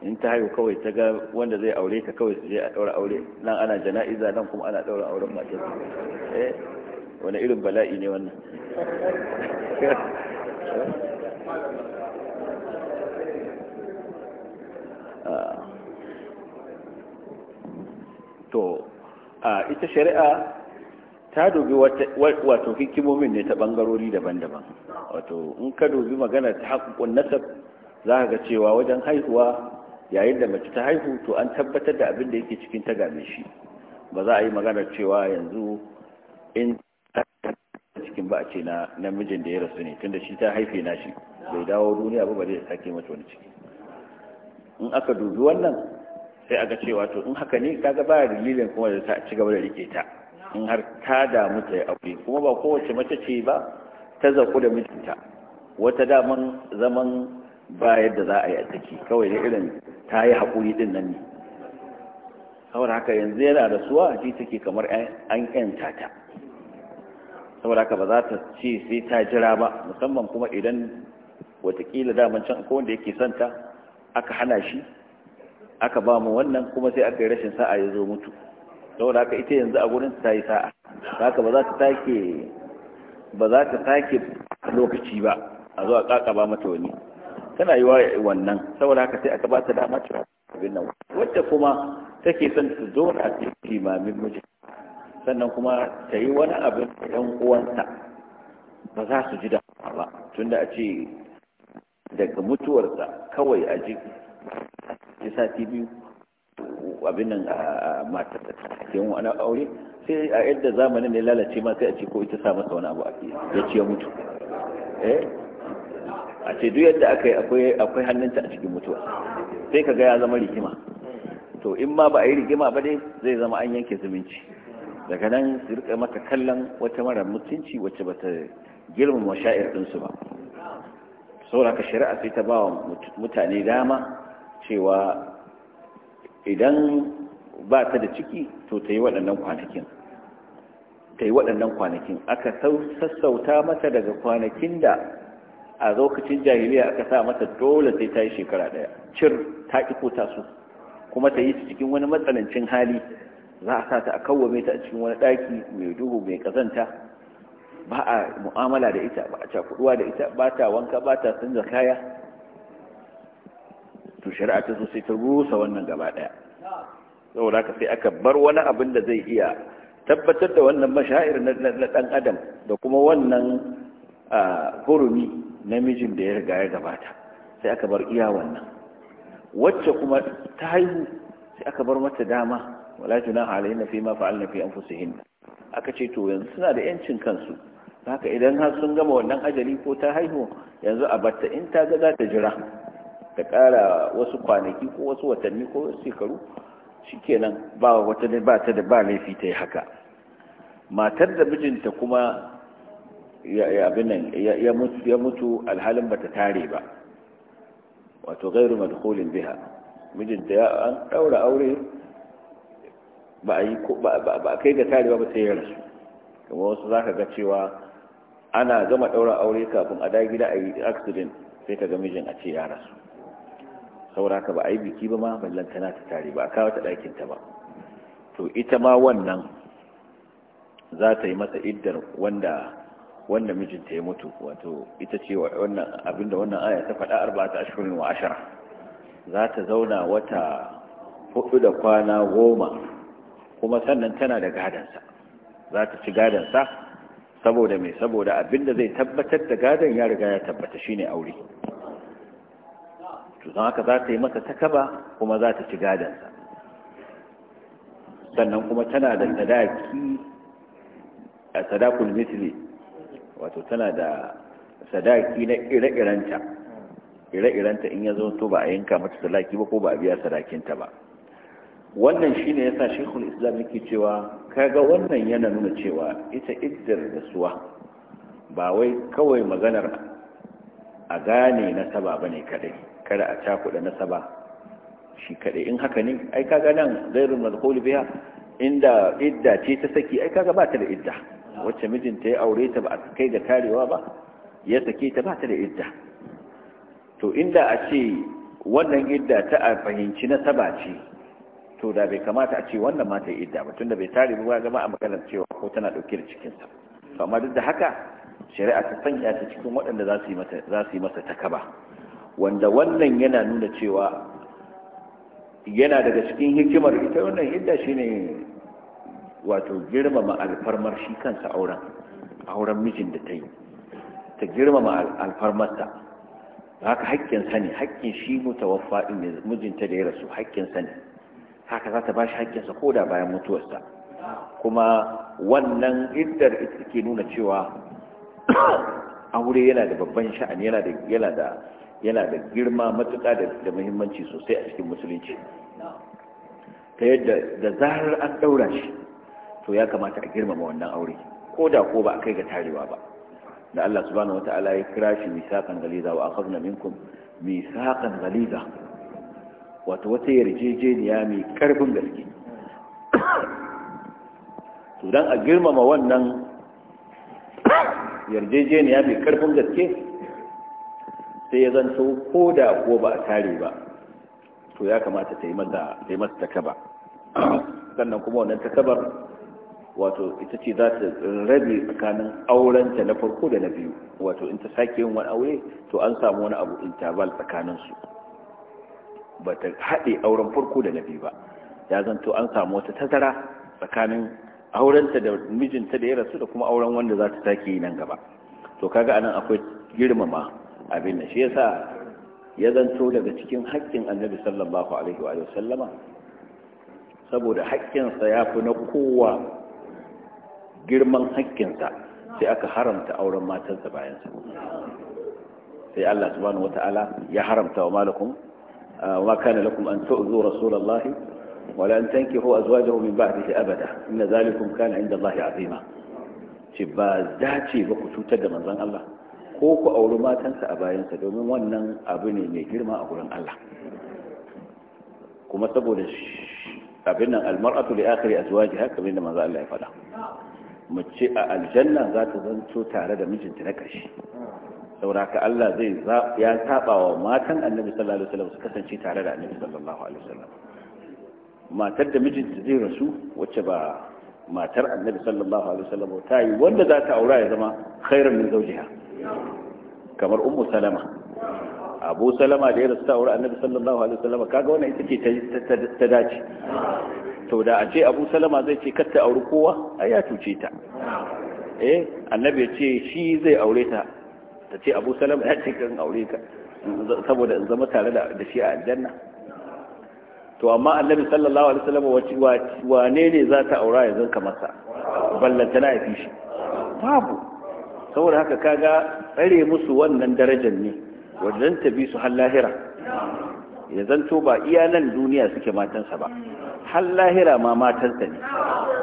in ta haihu kawai ta ga wanda zai aure ta kawai su je a daura aure nan ana jana'iza nan kuma ana daura auren wani irin bala'i ne wannan to ita shari'a ta dubi wato hikimomin ne ta bangarori daban-daban wato in ka dubi magana ta haƙuƙun nasab za ka ga cewa wajen haihuwa yayin da mace ta haihu to an tabbatar da abin da yake cikin ta game shi ba za a yi magana cewa yanzu in cikin ba a ce na namijin da ya rasu ne tunda shi ta haife na shi bai dawo duniya ba bare ya sake mata wani ciki in aka dubi wannan sai aga cewa to in haka ne kaga ba dalilin kuma da ta ci gaba da rike ta in har ta damu ta yi aure kuma ba kowace mace ce ba ta zaku da mijinta wata daman zaman ba yadda za a yi a ciki kawai da irin ta yi haƙuri din nan ne saboda haka yanzu yana rasuwa ji take kamar an 'yanta ta saboda haka ba za ta ce sai ta jira ba musamman kuma idan watakila daman can ko wanda yake santa aka hana shi aka ba mu wannan kuma sai aka yi rashin sa'a ya zo mutu saboda haka ita yanzu a gurin ta yi sa'a haka ba za ta take ba za ta take lokaci ba a zo a kakaba mata wani tana yi wannan saboda haka sai aka ba ta dama cewa abin nan wacce kuma take son ta zo a cikin mamin mijin sannan kuma ta yi wani abin da ɗan uwanta ba za su ji da ba tunda a ce daga mutuwarsa kawai a ji ya sati biyu abin nan a mata da ta wani aure sai a yadda zamanin ne lalace ma sai a ce ko ita sa masa wani abu a ya ce ya mutu eh? a ce duk yadda aka yi akwai akwai hannunta a cikin mutuwa sai ka ga ya zama rigima to in ma ba a yi rigima ba dai zai zama an yanke zumunci daga nan su rika maka kallon wata mara mutunci wacce bata girmama sha'ir su ba sauraka shari'a sai ta ba wa mutane dama cewa idan ba ta da ciki to ta yi waɗannan kwanakin ta yi waɗannan kwanakin aka sassauta mata daga kwanakin da a lokacin jahiliya aka sa mata dole sai ta yi shekara ɗaya cir ta ƙi ko ta kuma ta yi cikin wani matsanancin hali za a sa ta a kawwame ta a cikin wani ɗaki mai duhu mai kazanta ba a mu'amala da ita ba a cakuduwa da ita ba ta wanka ba ta canza kaya to shari'a ta sosai ta rusa wannan gaba ɗaya saboda aka sai aka bar wani abin da zai iya tabbatar da wannan mashayar na ɗan adam da kuma wannan hurumi namijin da ya riga ya gabata sai aka bar iya wannan wacce kuma ta haihu sai aka bar mata dama wala junaha na fi ma fa'alna fi anfusihinna aka ce to yanzu suna da yancin kansu haka idan har sun gama wannan ajali ko ta haihu yanzu a batta in ta ga za ta jira ta kara wasu kwanaki ko wasu watanni ko wasu shekaru shikenan ba wata da ba ta da ba laifi ta yi haka matar da mijinta kuma ya abin nan ya mutu alhalin bata tare ba wato gairu madkhulin biha mijinta ya an daura aure ba a yi ba a kai ga tare ba sai ya rasu kamar wasu za ka ga cewa ana gama ɗaura aure kafin a da gida a yi accident sai ka ga mijin a ce ya rasu saboda ka ba a yi biki ba ma ballan tana ta tare ba a kawo ta ba to ita ma wannan za ta yi masa iddar wanda wanda mijinta ya mutu wato ita ce wannan abinda wannan aya ta faɗa arba'ata ashirin wa ashara za ta zauna wata hudu da kwana goma kuma sannan tana da gadansa za ta ci gadansa saboda mai saboda abinda zai tabbatar da gadon ya riga ya tabbata shine aure to don haka za ta yi masa takaba kuma za ta ci gadansa sannan kuma tana da sadaki a sadakul misli wato tana da sadaki na ire-irenta ire-irenta in ya zo to ba a yanka mata sadaki ba ko ba a biya sadakinta ba wannan shine yasa shekul islam yake cewa kaga wannan yana nuna cewa ita iddar da suwa ba wai kawai maganar a gane nasaba ne kadai kada a cakuɗa nasaba shi kadai in haka ne ai kaga nan zairul madkhul biya? inda idda ce ta saki ai kaga ba ta da idda wacce mijinta ya aure ta ba a kai da karewa ba ya sake ta ba ta da idda to inda a ce wannan idda ta a fahimci nasaba ce to da bai kamata a ce wannan mata yi idda ba da bai tare ruwa gama a maganar cewa ko tana dauke da cikinsa to amma duk da haka shari'a ta sanya ta cikin waɗanda za su yi mata za su yi masa takaba wanda wannan yana nuna cewa yana daga cikin hikimar ita wannan idda shine wato girmama alfarmar shi kansa auren auren mijin da ta yi ta girmama alfarmarsa haka hakkin sani hakkin shi mutawaffa ɗin mijinta da ya rasu hakkin sani haka za ta ba shi haƙƙinsa ko da bayan mutuwarsa kuma wannan iddar ita ke nuna cewa [COUGHS] aure yana da babban sha'ani yana da yana da yana da girma matuƙa da da muhimmanci sosai a cikin musulunci ta yadda da zarar an ɗaura shi to ya kamata a girmama wannan aure ko da ko ba a kai ga tarewa ba da Allah subhanahu wataala ya kira shi misaqan galiza wa akhadna minkum misaqan galiza wato wata yarjejeniya mai karfin gaske to dan a girmama wannan yarjejeniya mai karfin gaske sai ya zanto ko da ko ba a tare ba to ya kamata ta yi masa takaba sannan kuma wannan takabar wato ita ce za ta rabe tsakanin aurenta na farko da na biyu wato in ta sake yin wani aure to an samu wani abu tsakanin tsakaninsu Bata haɗe auren farko da na biyu ba ya zanto an samu wata tazara tsakanin aurenta da mijinta da ya rasu da kuma auren wanda za ta sake yi nan gaba to kaga anan akwai girmama abin da shi yasa ya zanto daga cikin haƙƙin annabi sallallahu alaihi wa sallama saboda haƙƙinsa ya fi na kowa girman haƙƙinsa sai aka haramta auren matansa bayansa sai Allah subhanahu wata'ala ya haramta wa malakum وما كان لكم أن zuwa رسول الله ولا أن تنكحوا أزواجه من بعده أبدا إن ذلكم كان عند الله عظيما ba dace ba ku cutar da manzon Allah ko ku auri matansa a bayansa domin wannan abu ne mai girma a gurin Allah kuma saboda abin nan almar'atu li akhiri azwajiha kamar da manzo Allah ya faɗa mace a aljanna za ta zanto tare da mijinta na ƙarshe sauraka Allah zai ya taɓa wa matan annabi sallallahu alaihi wasallam su kasance tare da annabi sallallahu alaihi wasallam matar da mijinta zai rasu wacce ba matar annabi sallallahu alaihi wasallam ta yi wanda za ta aura ya zama khairan min zawjiha kamar ummu salama abu salama da ya rasu ta aura annabi sallallahu alaihi wasallam kaga wannan ita ce ta dace to da a ce abu salama zai ce kar ta auri kowa ai ya cuce ta eh annabi ya ce shi zai aure ta ta ce abu salam ya ce kan aure ka saboda in zama tare da shi a aljanna to amma annabi sallallahu alaihi wasallam wane ne za ta aura ya zanka masa ballanta na yafi shi babu saboda haka kaga tsare musu wannan darajar ne wajen ta bi su har lahira ya zanto ba iyalan duniya suke matansa ba har lahira ma matansa ne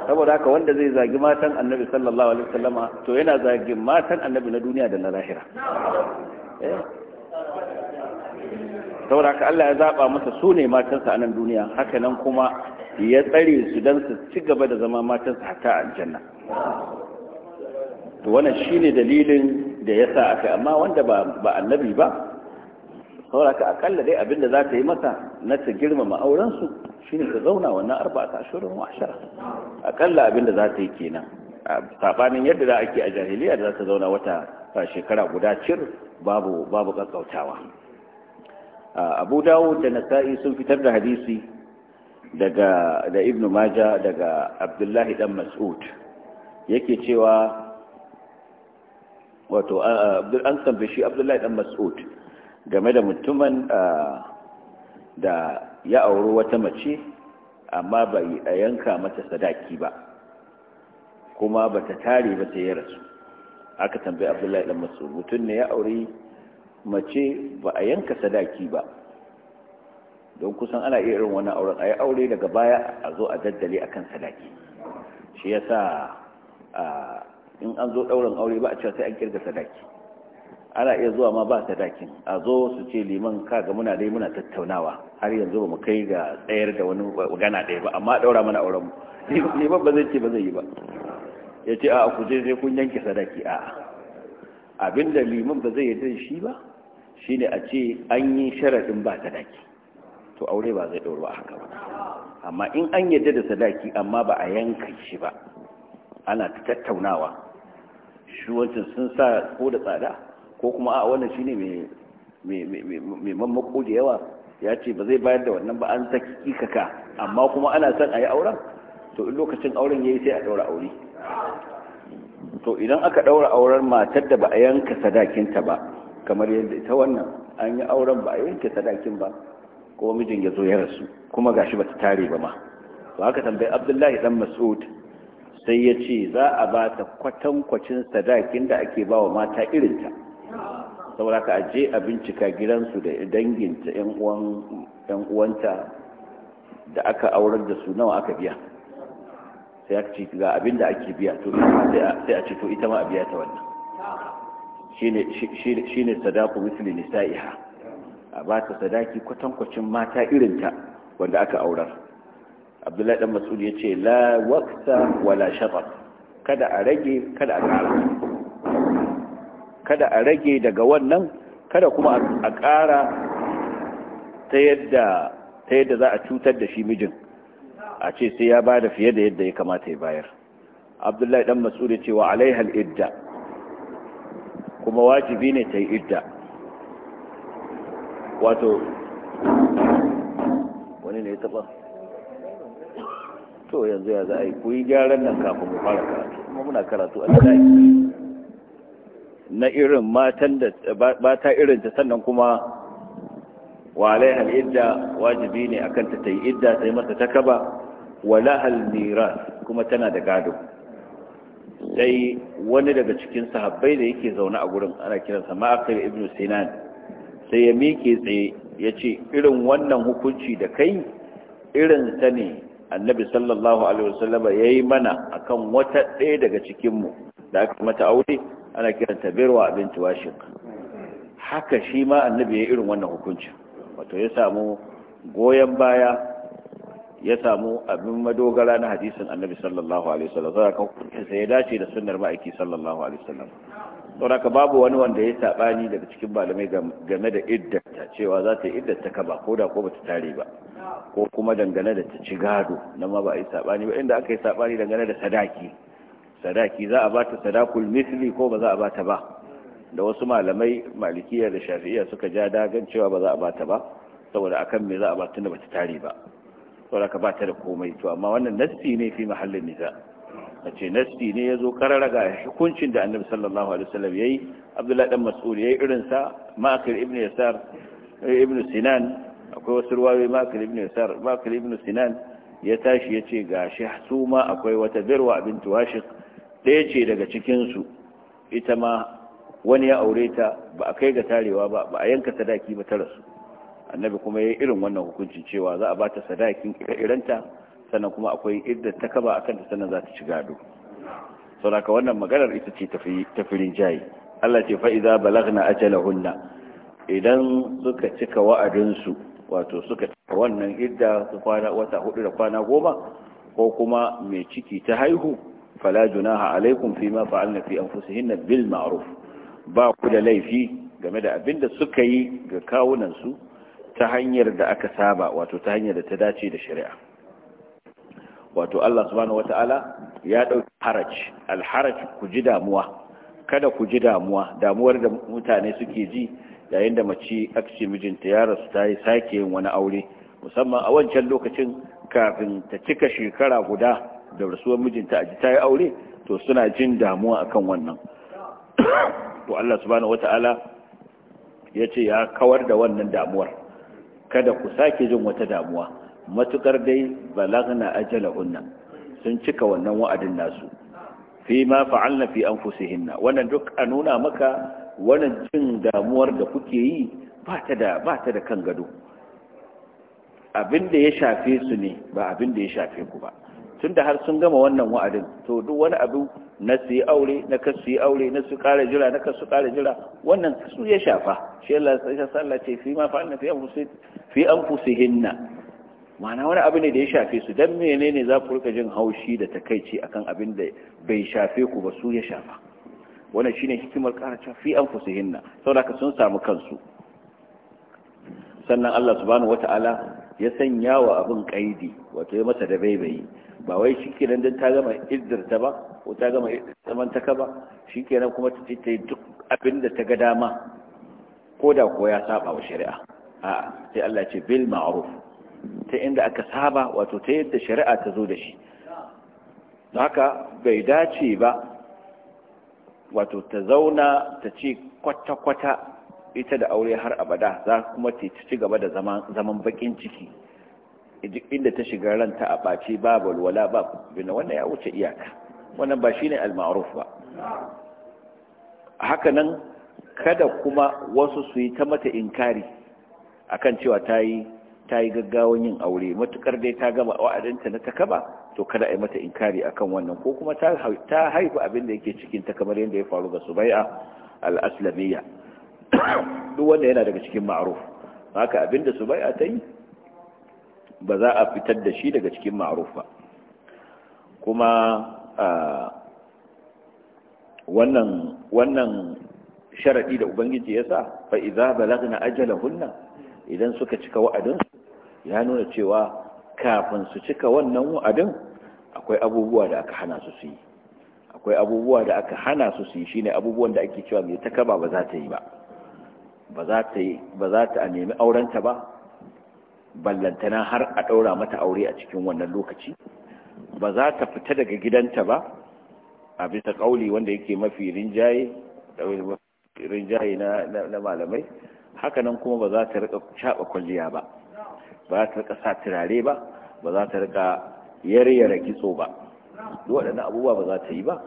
saboda haka wanda zai zagi matan annabi sallallahu alaihi wasallama to yana zagi matan annabi na duniya da na lahira eh? saboda haka Allah ya zaba masa su ne matansa a nan duniya haka nan kuma ya tsare su don su ci gaba da zama matansa hatta aljanna to wannan shine dalilin da ya sa aka amma wanda ba annabi ba saboda haka akalla dai abinda za ta yi masa na ta girmama aurensu shine ka zauna wannan arba'a ashirin wa ashara akalla abinda za ta yi kenan sabanin yadda a ake a jahiliya da za ta zauna wata shekara guda cir babu babu kakkautawa abu dawo da nasa'i sun fitar da hadisi daga da ibnu maja daga abdullahi dan mas'ud yake cewa wato an tambaye shi abdullahi dan mas'ud game da mutumin da ya auri wata mace amma bai a yanka mata sadaki ba kuma ba ta tare ba ta yi rasu aka tambayi abdullahi dan masu mutum ne ya auri mace ba a yanka sadaki ba don kusan ana iya irin wani auren a yi aure daga baya a zo a daddale a kan sadaki shi ya sa in an zo ɗaurin aure ba a cewa sai an kirga sadaki ana iya zuwa ma ba sadakin a zo su ce liman ka ga muna dai muna tattaunawa har yanzu ba mu kai ga tsayar da wani magana ɗaya ba amma ɗaura mana auren mu ni ba ba zai ce ba zai yi ba ya ce a ku je sai kun yanke sadaki a abinda liman ba zai yarda shi ba shine a ce an yi sharaɗin ba sadaki to aure ba zai ɗaura ba haka ba amma in an yarda da sadaki amma ba a yanka shi ba ana ta tattaunawa Shuwancin sun sa ko da tsada ko kuma a wannan shine mai mai mammako da yawa ya ce ba zai bayar da wannan ba an saki kaka amma kuma ana son a yi auren to in lokacin auren ya yi sai a ɗaura aure to idan aka ɗaura auren matar da ba a yanka sadakinta ba kamar yadda ita wannan an yi auren ba a yanka sadakin ba ko mijin ya zo ya rasu kuma gashi ba ta tare ba ma to haka tambayi abdullahi dan mas'ud sai ya ce za a ba ta kwatankwacin sadakin da ake ba wa mata irinta saboda ka aje a bincika gidansu da danginta yan uwanta da aka aurar da su nawa aka biya sai ce ga abin ake biya to sai a ce to ita ma a biya ta wannan shi ne sadaku misali nisa'iha a ba ta sadaki kwatankwacin mata irin ta wanda aka aurar abdullahi dan masudi ya ce la waqta wala shabab kada a rage kada a ƙara kada a rage daga wannan kada kuma a ƙara ta yadda za a cutar da shi mijin a ce sai ya bada fiye da yadda ya kamata ya bayar abdullahi dan masudi ce wa alaihal idda kuma wajibi ne ta yi idda wato wani ne ya taba to yanzu ya za a yi kuyi gyaran nan kafin mu fara karatu kuma muna karatu a cikin na irin matan da ba ta irinta sannan kuma walai hal idda wajibi ne akan ta ta yi idda sai masa ta kaba wala hal kuma tana da gado sai wani daga cikin sahabbai da yake zaune a gurin ana kiransa ma'akar ibn sinan sai ya miƙe tsaye ya ce irin wannan hukunci da kai irin ta ne annabi sallallahu alaihi wasallama ya yi mana akan wata ɗaya daga cikinmu da aka mata aure ana kiranta birwa binti washik haka shi ma annabi ya irin wannan hukuncin wato ya samu goyon baya ya samu abin madogara na hadisin annabi sallallahu alaihi wasallam kan sai ya dace da sunnar ma'aiki sallallahu alaihi wasallam saboda ka babu wani wanda ya sabani daga cikin malamai game da iddata cewa za ta yi iddata ka ba ko da ko bata tare ba ko kuma dangane da ta ci gado nan ma ba a yi sabani ba inda aka yi sabani dangane da sadaki sadaki za a ba ta sadakul misli ko ba za a ba ta ba da wasu malamai malikiya da shafi'iya suka ja dagan cewa ba za a ba ta ba saboda akan me za a ba ta bata tare ba saboda ka ba ta da komai to amma wannan nassi ne fi mahallin nisa a ce ne ya zo kararraga hukuncin da annabi sallallahu alaihi wasallam yayi abdullahi dan mas'ud yayi irin sa ma'akil ibn yasar eh, ibn sinan akwai wasu ruwaye ma'akil ibn yasar ma'akil ibn sinan ya tashi ya ce gashi su ma akwai wata birwa abin tuwashik ɗaya ce daga cikinsu ita ma wani ya aure ta ba a kai ga tarewa ba ba a yanka sadaki ba ta rasu annabi kuma ya yi irin wannan hukuncin cewa za a ba ta sadakin iranta sannan kuma akwai idda ta kaba a kanta sannan za ta ci gado sauraka wannan maganar ita ce ta jayi Allah ce fa'iza balagna ajalahunna idan suka cika wa'adinsu wato suka cika wannan idda su kwana wata hudu da kwana goma ko kuma mai ciki ta haihu fala junaha alaikum فيما فعلنا في fi بالمعروف bil ma'ruf ba ku da laifi game da abin da suka yi ga kawunansu su ta hanyar da aka saba wato ta hanyar da ta dace da shari'a wato Allah subhanahu wataala ya dauki haraj al haraj ku ji damuwa kada ku ji damuwa damuwar da mutane suke ji yayin da mace aka mijinta ya rasu ta yi sake yin wani aure musamman a wancan lokacin kafin ta cika shekara guda da rasuwar mijinta a ji ta yi aure to suna jin damuwa akan wannan to Allah subhanahu wata'ala ya ce ya kawar da wannan damuwar kada ku sake jin wata damuwa matukar dai balagna ajalahunna sun cika wannan wa'adin nasu fi ma fa'alna fi anfusihinna wannan duk a nuna maka wannan jin damuwar da kuke yi ba ta da ba ta da kan gado abin da ya shafe su ne ba abin da ya shafe ku ba tunda har sun gama wannan wa'adin to duk wani abu na su yi aure na ka su yi aure na su kare jira na ka su kara jira wannan su ya shafa shi sai ya sallah ce fi ma fa'alna fi anfusi fi anfusihinna ma'ana wani abu ne da ya shafe su dan menene za ku rika jin haushi da takeici akan abin da bai shafe ku ba su ya shafa wannan shine hikimar kara cewa fi anfusihinna saboda sun samu kansu sannan Allah subhanahu wataala ya sanya wa abin kaidi wato ya masa da baibayi ba wai shi kenan don ta gama izdirta ba ko ta gama tsamantaka ba shi kenan kuma ta ta yi duk abin ta ga dama ko da ko ya saba wa shari'a a sai Allah ce bil ma'ruf ta inda aka saba wato ta yadda shari'a ta zo da shi haka bai dace ba wato ta zauna ta ce kwata-kwata ita da aure har abada za kuma ta ci gaba da zaman bakin ciki inda ta shiga ranta a ɓace ba wala ba bina wannan ya wuce iyaka wannan ba shine al-ma'ruf ba haka nan, kada kuma wasu su yi ta mata inkari akan cewa ta yi ta yi gaggawon yin aure matukar dai ta gama wa'adinta na takaba to kada a yi mata inkari akan wannan ko kuma ta haifi abin da yake cikin ta kamar yadda ya faru ga subai'a al-aslamiyya [COUGHS] duk wanda yana daga cikin ma'ruf haka abin da subai'a ta yi ba za a fitar da shi daga cikin ma'ruf kuma wannan wannan sharadi da ubangiji ya sa fa idza balagna ajalahunna idan suka cika wa'adin ya nuna cewa kafin su cika wannan wa'adin akwai abubuwa da aka hana su su yi akwai abubuwa da aka hana su su yi shine abubuwan da ake cewa mai takaba ba za ta yi ba ba za ta yi ba za ta nemi aurenta ba ballantana har a ɗaura mata aure a cikin wannan lokaci ba za ta fita daga gidanta ba a bisa ƙauli wanda yake mafi rinjaye na malamai hakanan kuma ba za ta rika shaɓa kwalliya ba ba za ta rika sa turare ba ba za ta rika yaryara kitso ba waɗannan abubuwa ba za ta yi ba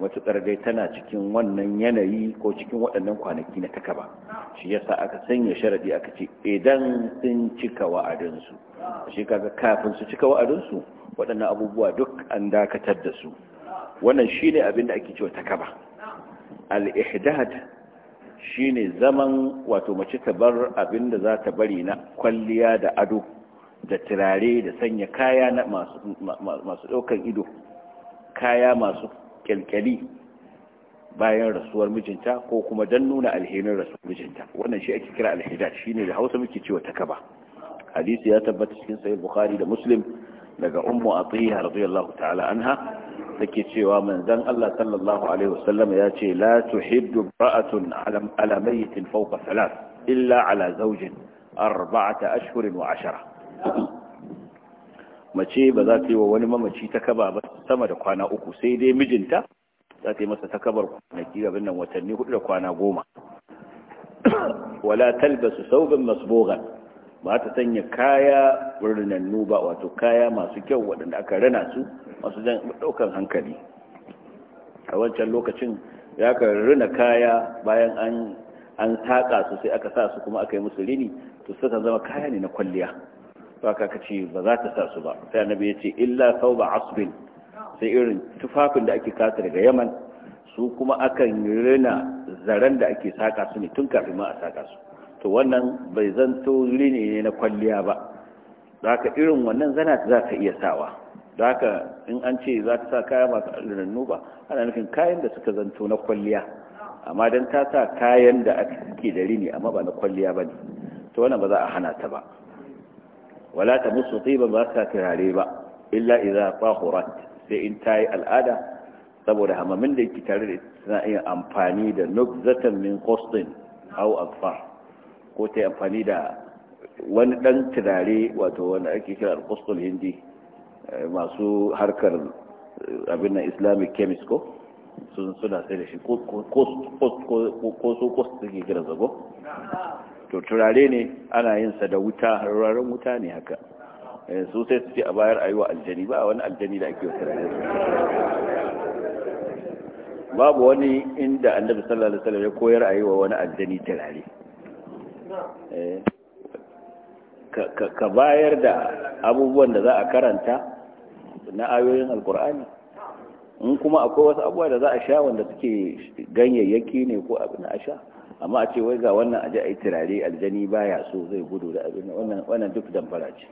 matuƙar dai tana cikin wannan yanayi ko cikin waɗannan kwanaki na takaba shi yasa aka sanya sharaɗi aka ce idan sun cika wa'adinsu shi kaga kafin su cika wa'adinsu waɗannan abubuwa duk an dakatar da su wannan shi ne abin da ake cewa takaba al-ihdad ne zaman wato mace ta bar abin da za ta bari na kwalliya da ado da tirare da sanya kaya na masu ɗaukan ido kaya masu kyalkyali bayan rasuwar mijinta ko kuma don nuna alherin rasuwar mijinta wannan shi ake kira Alhida shi ne da hausa muke cewa ta kaba hadisi ya tabbata cikin sahih bukhari da muslim daga ummu atiha radiyallahu ta'ala anha take cewa manzon Allah sallallahu alaihi wasallam ya ce la tuhiddu ra'atun ala fauka fawqa thalath illa ala arba'a arba'ata ashhurin wa ashara mace ba za ta yi wa wani mamaci ta kaba ba sama da kwana uku sai dai mijinta za ta yi masa takabar kwanaki abin nan watanni hudu da kwana goma wala Talba talbasu masu masbogan ba ta sanya kaya wurinannu ba wato kaya masu kyau waɗanda aka rana su masu jan ɗaukar hankali a wancan lokacin ya ka rina kaya bayan an an su sai aka sa su kuma aka yi musu rini to sukan zama kaya ne na kwalliya ba kaka ce ba za ta sa su ba sai annabi ya ce illa sauba asbin sai irin tufafin da ake kasa daga yaman su kuma akan rina zaren da ake saka su ne tun kafin ma a saka su to wannan bai zanto rini ne na kwalliya ba za ka irin wannan zana za ka iya sawa za ka in an ce za ta sa kaya masu rinannu ba ana nufin kayan da suka zanto na kwalliya amma don ta sa kayan da ake da rini amma ba na kwalliya ba ne to wannan ba za a hana ta ba wala ta musu tsiba ba sa turare ba illa idza tahurat sai in tayi al'ada saboda hamamin da yake tare da suna iya amfani da nubzatan min qasdin aw afar ko ta amfani da wani dan turare wato wanda ake kira al hindi masu harkar abin na islamic chemist ko sun suna sai da shi ko su kost suke kira zago to turare ne ana yin sa da wuta hararen wuta ne haka yanzu eh, sai su ce a bayar ayuwa aljani ba wani aljani da ake turare babu wani inda annabi sallallahu alaihi wasallam ya koyar ayuwa wani aljani turare eh, ka bayar da abubuwan da za a karanta na ayoyin alkur'ani in kuma akwai wasu abubuwa da za a sha wanda suke ganyayyaki ne ko abin a sha amma a ce wai ga wannan a yi turare aljani baya so zai gudu da abin wannan duk damfara ce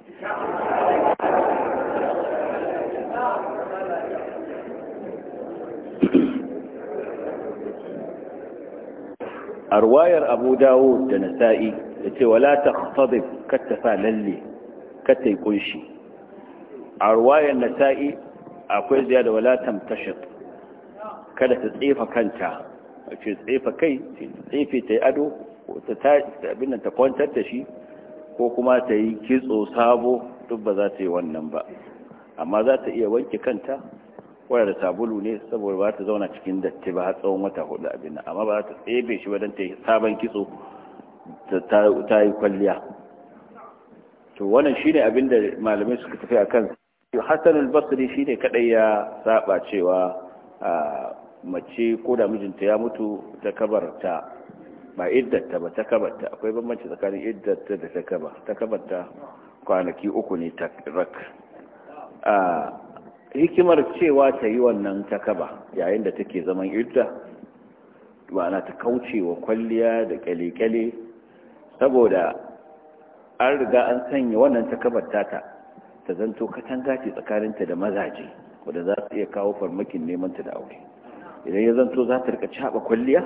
a ruwayar abu dawo da nasa'i da ce wala ta fadin katta sa lalle katta yi kunshi a ruwayar nasa'i akwai ziyar da wala tamtashit kada ta tsefa kanta ce tsefa kai tsefe ta yi ado ta abin ta kwantar da shi ko kuma ta yi kitso sabo duk ba za ta yi wannan ba amma za ta iya wanke kanta wadda da sabulu ne saboda ba ta zauna cikin datti ba har tsawon wata hudu abin nan amma ba za ta tsefe shi ba ta yi sabon kitso ta yi kwalliya to wannan shi ne abin da malamai suka tafi akan kan basri shine kaɗai ya saba cewa ah, mace ko da mijinta ya mutu ta kabarta ba iddarta ba ta kabarta akwai bambanci tsakanin iddarta da ta kaba ta kabarta kwanaki uku ne ta rak a hikimar cewa ta yi wannan ta kaba yayin da take zaman idda ba na ta kauce wa kwalliya da kyalekyale saboda an riga an sanya wannan ta kabarta ta ta zanto katanga ce tsakaninta da mazaje wadda za su iya kawo farmakin neman ta da aure idan ya zanto za ta rika caɓa kwalliya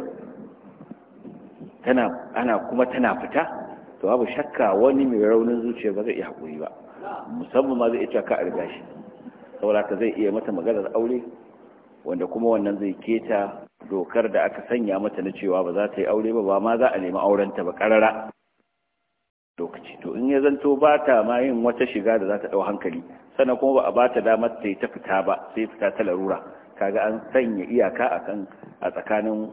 ana kuma tana fita to babu shakka wani mai raunin zuciya ba zai iya haƙuri ba musamman ma zai iya ka a riga shi saboda zai iya mata maganar aure wanda kuma wannan zai keta dokar da aka sanya mata na cewa ba za ta yi aure ba ba ma za a nemi aurenta ba karara lokaci to in ya zanto ba ta ma yin wata shiga da za ta ɗau hankali sannan kuma ba a ba ta damar ta yi ta fita ba sai fita ta larura kaga an sanya iyaka akan a tsakanin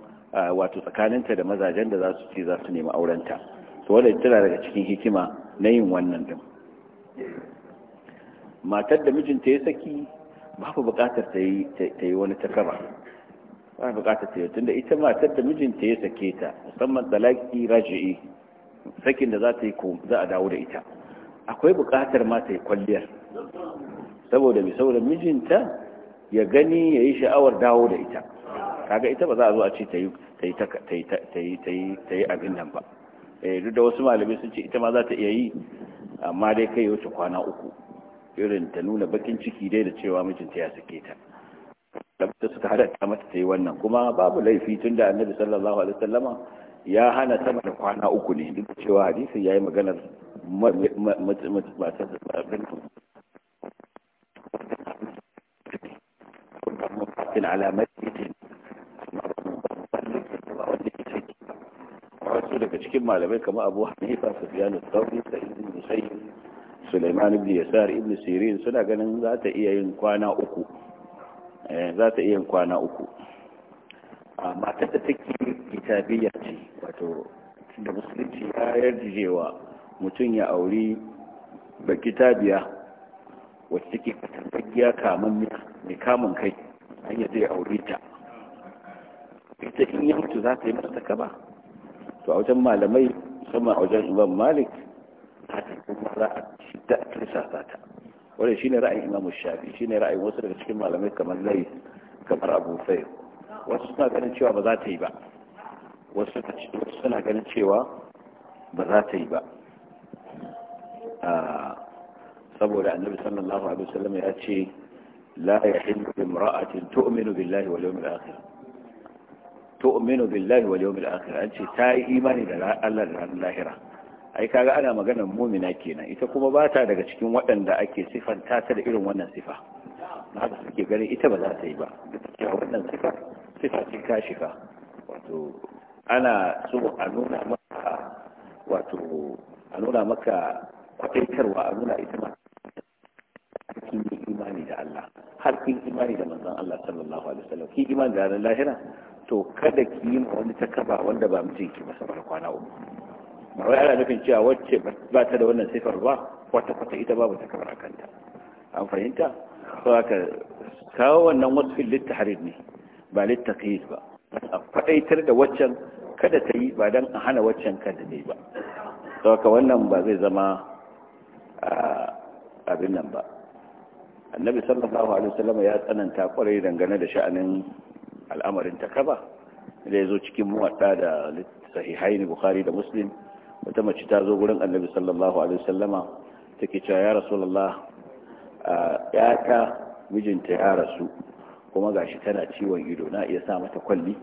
wato tsakaninta da mazajen da za su ce za su nemi aurenta to wadda tana daga cikin hikima na yin wannan din matar da mijinta ya saki babu bukatar ta yi wani takaba ba bukatar ta yi tunda ita matar da mijinta ya sake ta musamman talaki raji'i sakin da za ta yi ko za a dawo da ita akwai bukatar ma ta yi kwalliyar saboda mai saboda mijinta ya gani ya yi sha'awar dawo da ita kaga ita ba za a zo a ce ta yi abin nan ba duk da wasu malamai sun ce ita ma za ta iya yi amma dai kai wuce kwana uku irin ta nuna bakin ciki dai da cewa mijinta ya sake ta da suka ta mata ta yi wannan kuma babu laifi tun da annabi sallallahu alaihi wasallama ya hana sama da kwana uku ne duk da cewa hadisi ya yi maganar matar salatin ala masjidin wasu daga cikin malamai kamar abu hanifa sufyan al-thawri da ibn musayyib sulaiman ibn yasar ibn sirin suna ganin za ta iya yin kwana uku za ta iya yin kwana uku amma ta ta take kitabiyya ce wato da musulunci ya yarjewa mutum ya auri ba kitabiya wacce take katabiyya kaman mai kamun kai an ya zai aure ta ita in ya mutu za ta yi masa kaba to a wajen malamai musamman a wajen imam malik ta ta kuma za a shidda za ta wanda shi ne ra'ayin imam shafi shi ne ra'ayin wasu daga cikin malamai kamar lai kamar abu fayo wasu suna ganin cewa ba za ta yi ba wasu suna ganin cewa ba za ta yi ba ah, saboda annabi sallallahu alaihi wasallam ya ce لا يحل امرأة تؤمن بالله واليوم الآخر تؤمن بالله واليوم الآخر أنت تاي إيماني لله اللاهرة ai kaga ana maganar mumina kenan ita kuma ba daga cikin waɗanda ake sifanta ta da irin wannan sifa na haka suke ganin ita ba za ta yi ba cewa wannan sifa sifa ce ta shiga wato ana so a nuna maka a nuna a ita kin yi imani da Allah har kin imani da manzon Allah sallallahu alaihi wasallam kin imani da ranar lahira to kada ki yi wani takaba wanda ba mutum ki masa bar kwana uku ba wai ana nufin cewa wacce ba ta da wannan sifar ba kwata kwata ita babu a kanta an fahimta ko haka kawo wannan wasfin littaharid ne ba littaqid ba a faɗaitar da waccan kada ta yi ba don a hana waccan kada ne ba saboda wannan ba zai zama ah, abin nan ba annabi sallallahu alaihi wasallam ya tsananta kwarai dangane da sha'anin al'amarin takaba da yazo cikin muwatta da sahihaini bukhari da muslim wata mace ta zo gurin annabi sallallahu alaihi ta take cewa ya rasulullah ya ta mijinta ya rasu kuma gashi tana ciwon ido na iya sa mata kwalli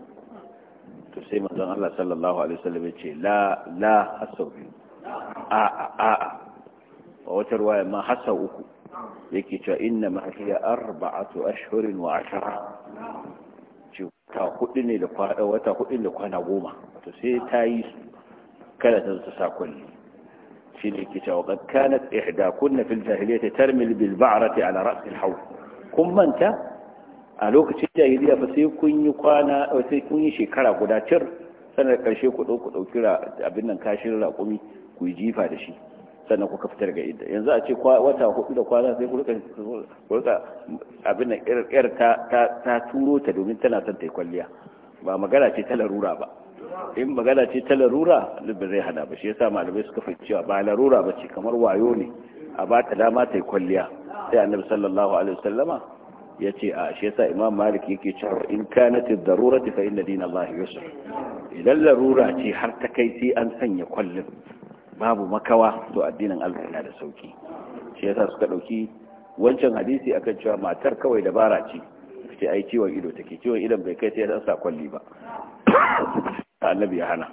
to sai manzon Allah sallallahu alaihi wasallam ya ce la la hasau a a a a wata ruwaya ma hasau uku yake cewa inna ma hiya arba'atu ashhurin wa ashara ta hudu ne da kwana wata hudu da kwana goma to sai ta yi kada ta zuta sakonni shi ne ke cewa kad na ihda kunna fil jahiliyyati tarmil bil ba'rati ala ra's al hawl kun manta a lokacin jahiliya fa sai kun yi kwana sai kun yi shekara guda cir sanar karshe ku dauki abin nan kashin raƙumi ku yi jifa da shi sannan kuka fitar ga idda yanzu a ce wata hudu da kwana sai ku rika abin da ƙirƙir ta turo ta domin tana son ta yi kwalliya ba magana ce ta larura ba in magana ce ta larura zai hana ba shi yasa malamai suka fi cewa ba larura ba ce kamar wayo ne a ba ta dama ta yi kwalliya sai annabi sallallahu alaihi wasallama ya ce a shi yasa imam malik yake cewa in kanat ad-darurati fa inna din yusr idan larura ce har ta kai sai an sanya kwallin babu makawa to addinin Allah yana da sauki shi yasa suka dauki wancan hadisi akan cewa matar kawai dabara ce ce ai ciwon ido take ciwon idon bai kai sai ya sa kwalli ba [COUGHS] annabi ya hana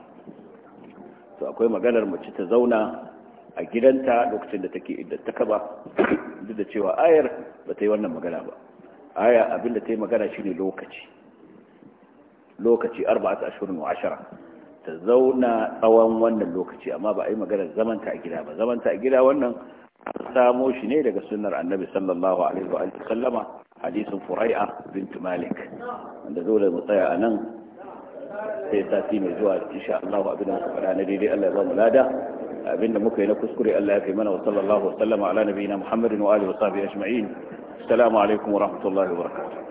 to akwai maganar mace ta zauna a gidanta lokacin da take iddantaka ba [COUGHS] duk da cewa ayar ba ta yi wannan magana ba aya abinda ta yi magana shine lokaci lokaci arba'at ashhurun wa ta zauna tsawon wannan lokaci amma ba a yi maganar zamanta a gida ba zamanta a gida wannan an samo shi ne daga sunnar annabi sallallahu alaihi wa sallama hadisin furai'a bint malik wanda dole mu tsaya a nan sai sati mai zuwa insha Allah abin da muka faɗa na daidai Allah ya zama lada lada abinda muka yi na kuskure Allah ya fi mana wa sallallahu wa sallama ala nabiyina Muhammadin wa alihi wa sahbihi ajma'in assalamu alaikum wa rahmatullahi wa barakatuh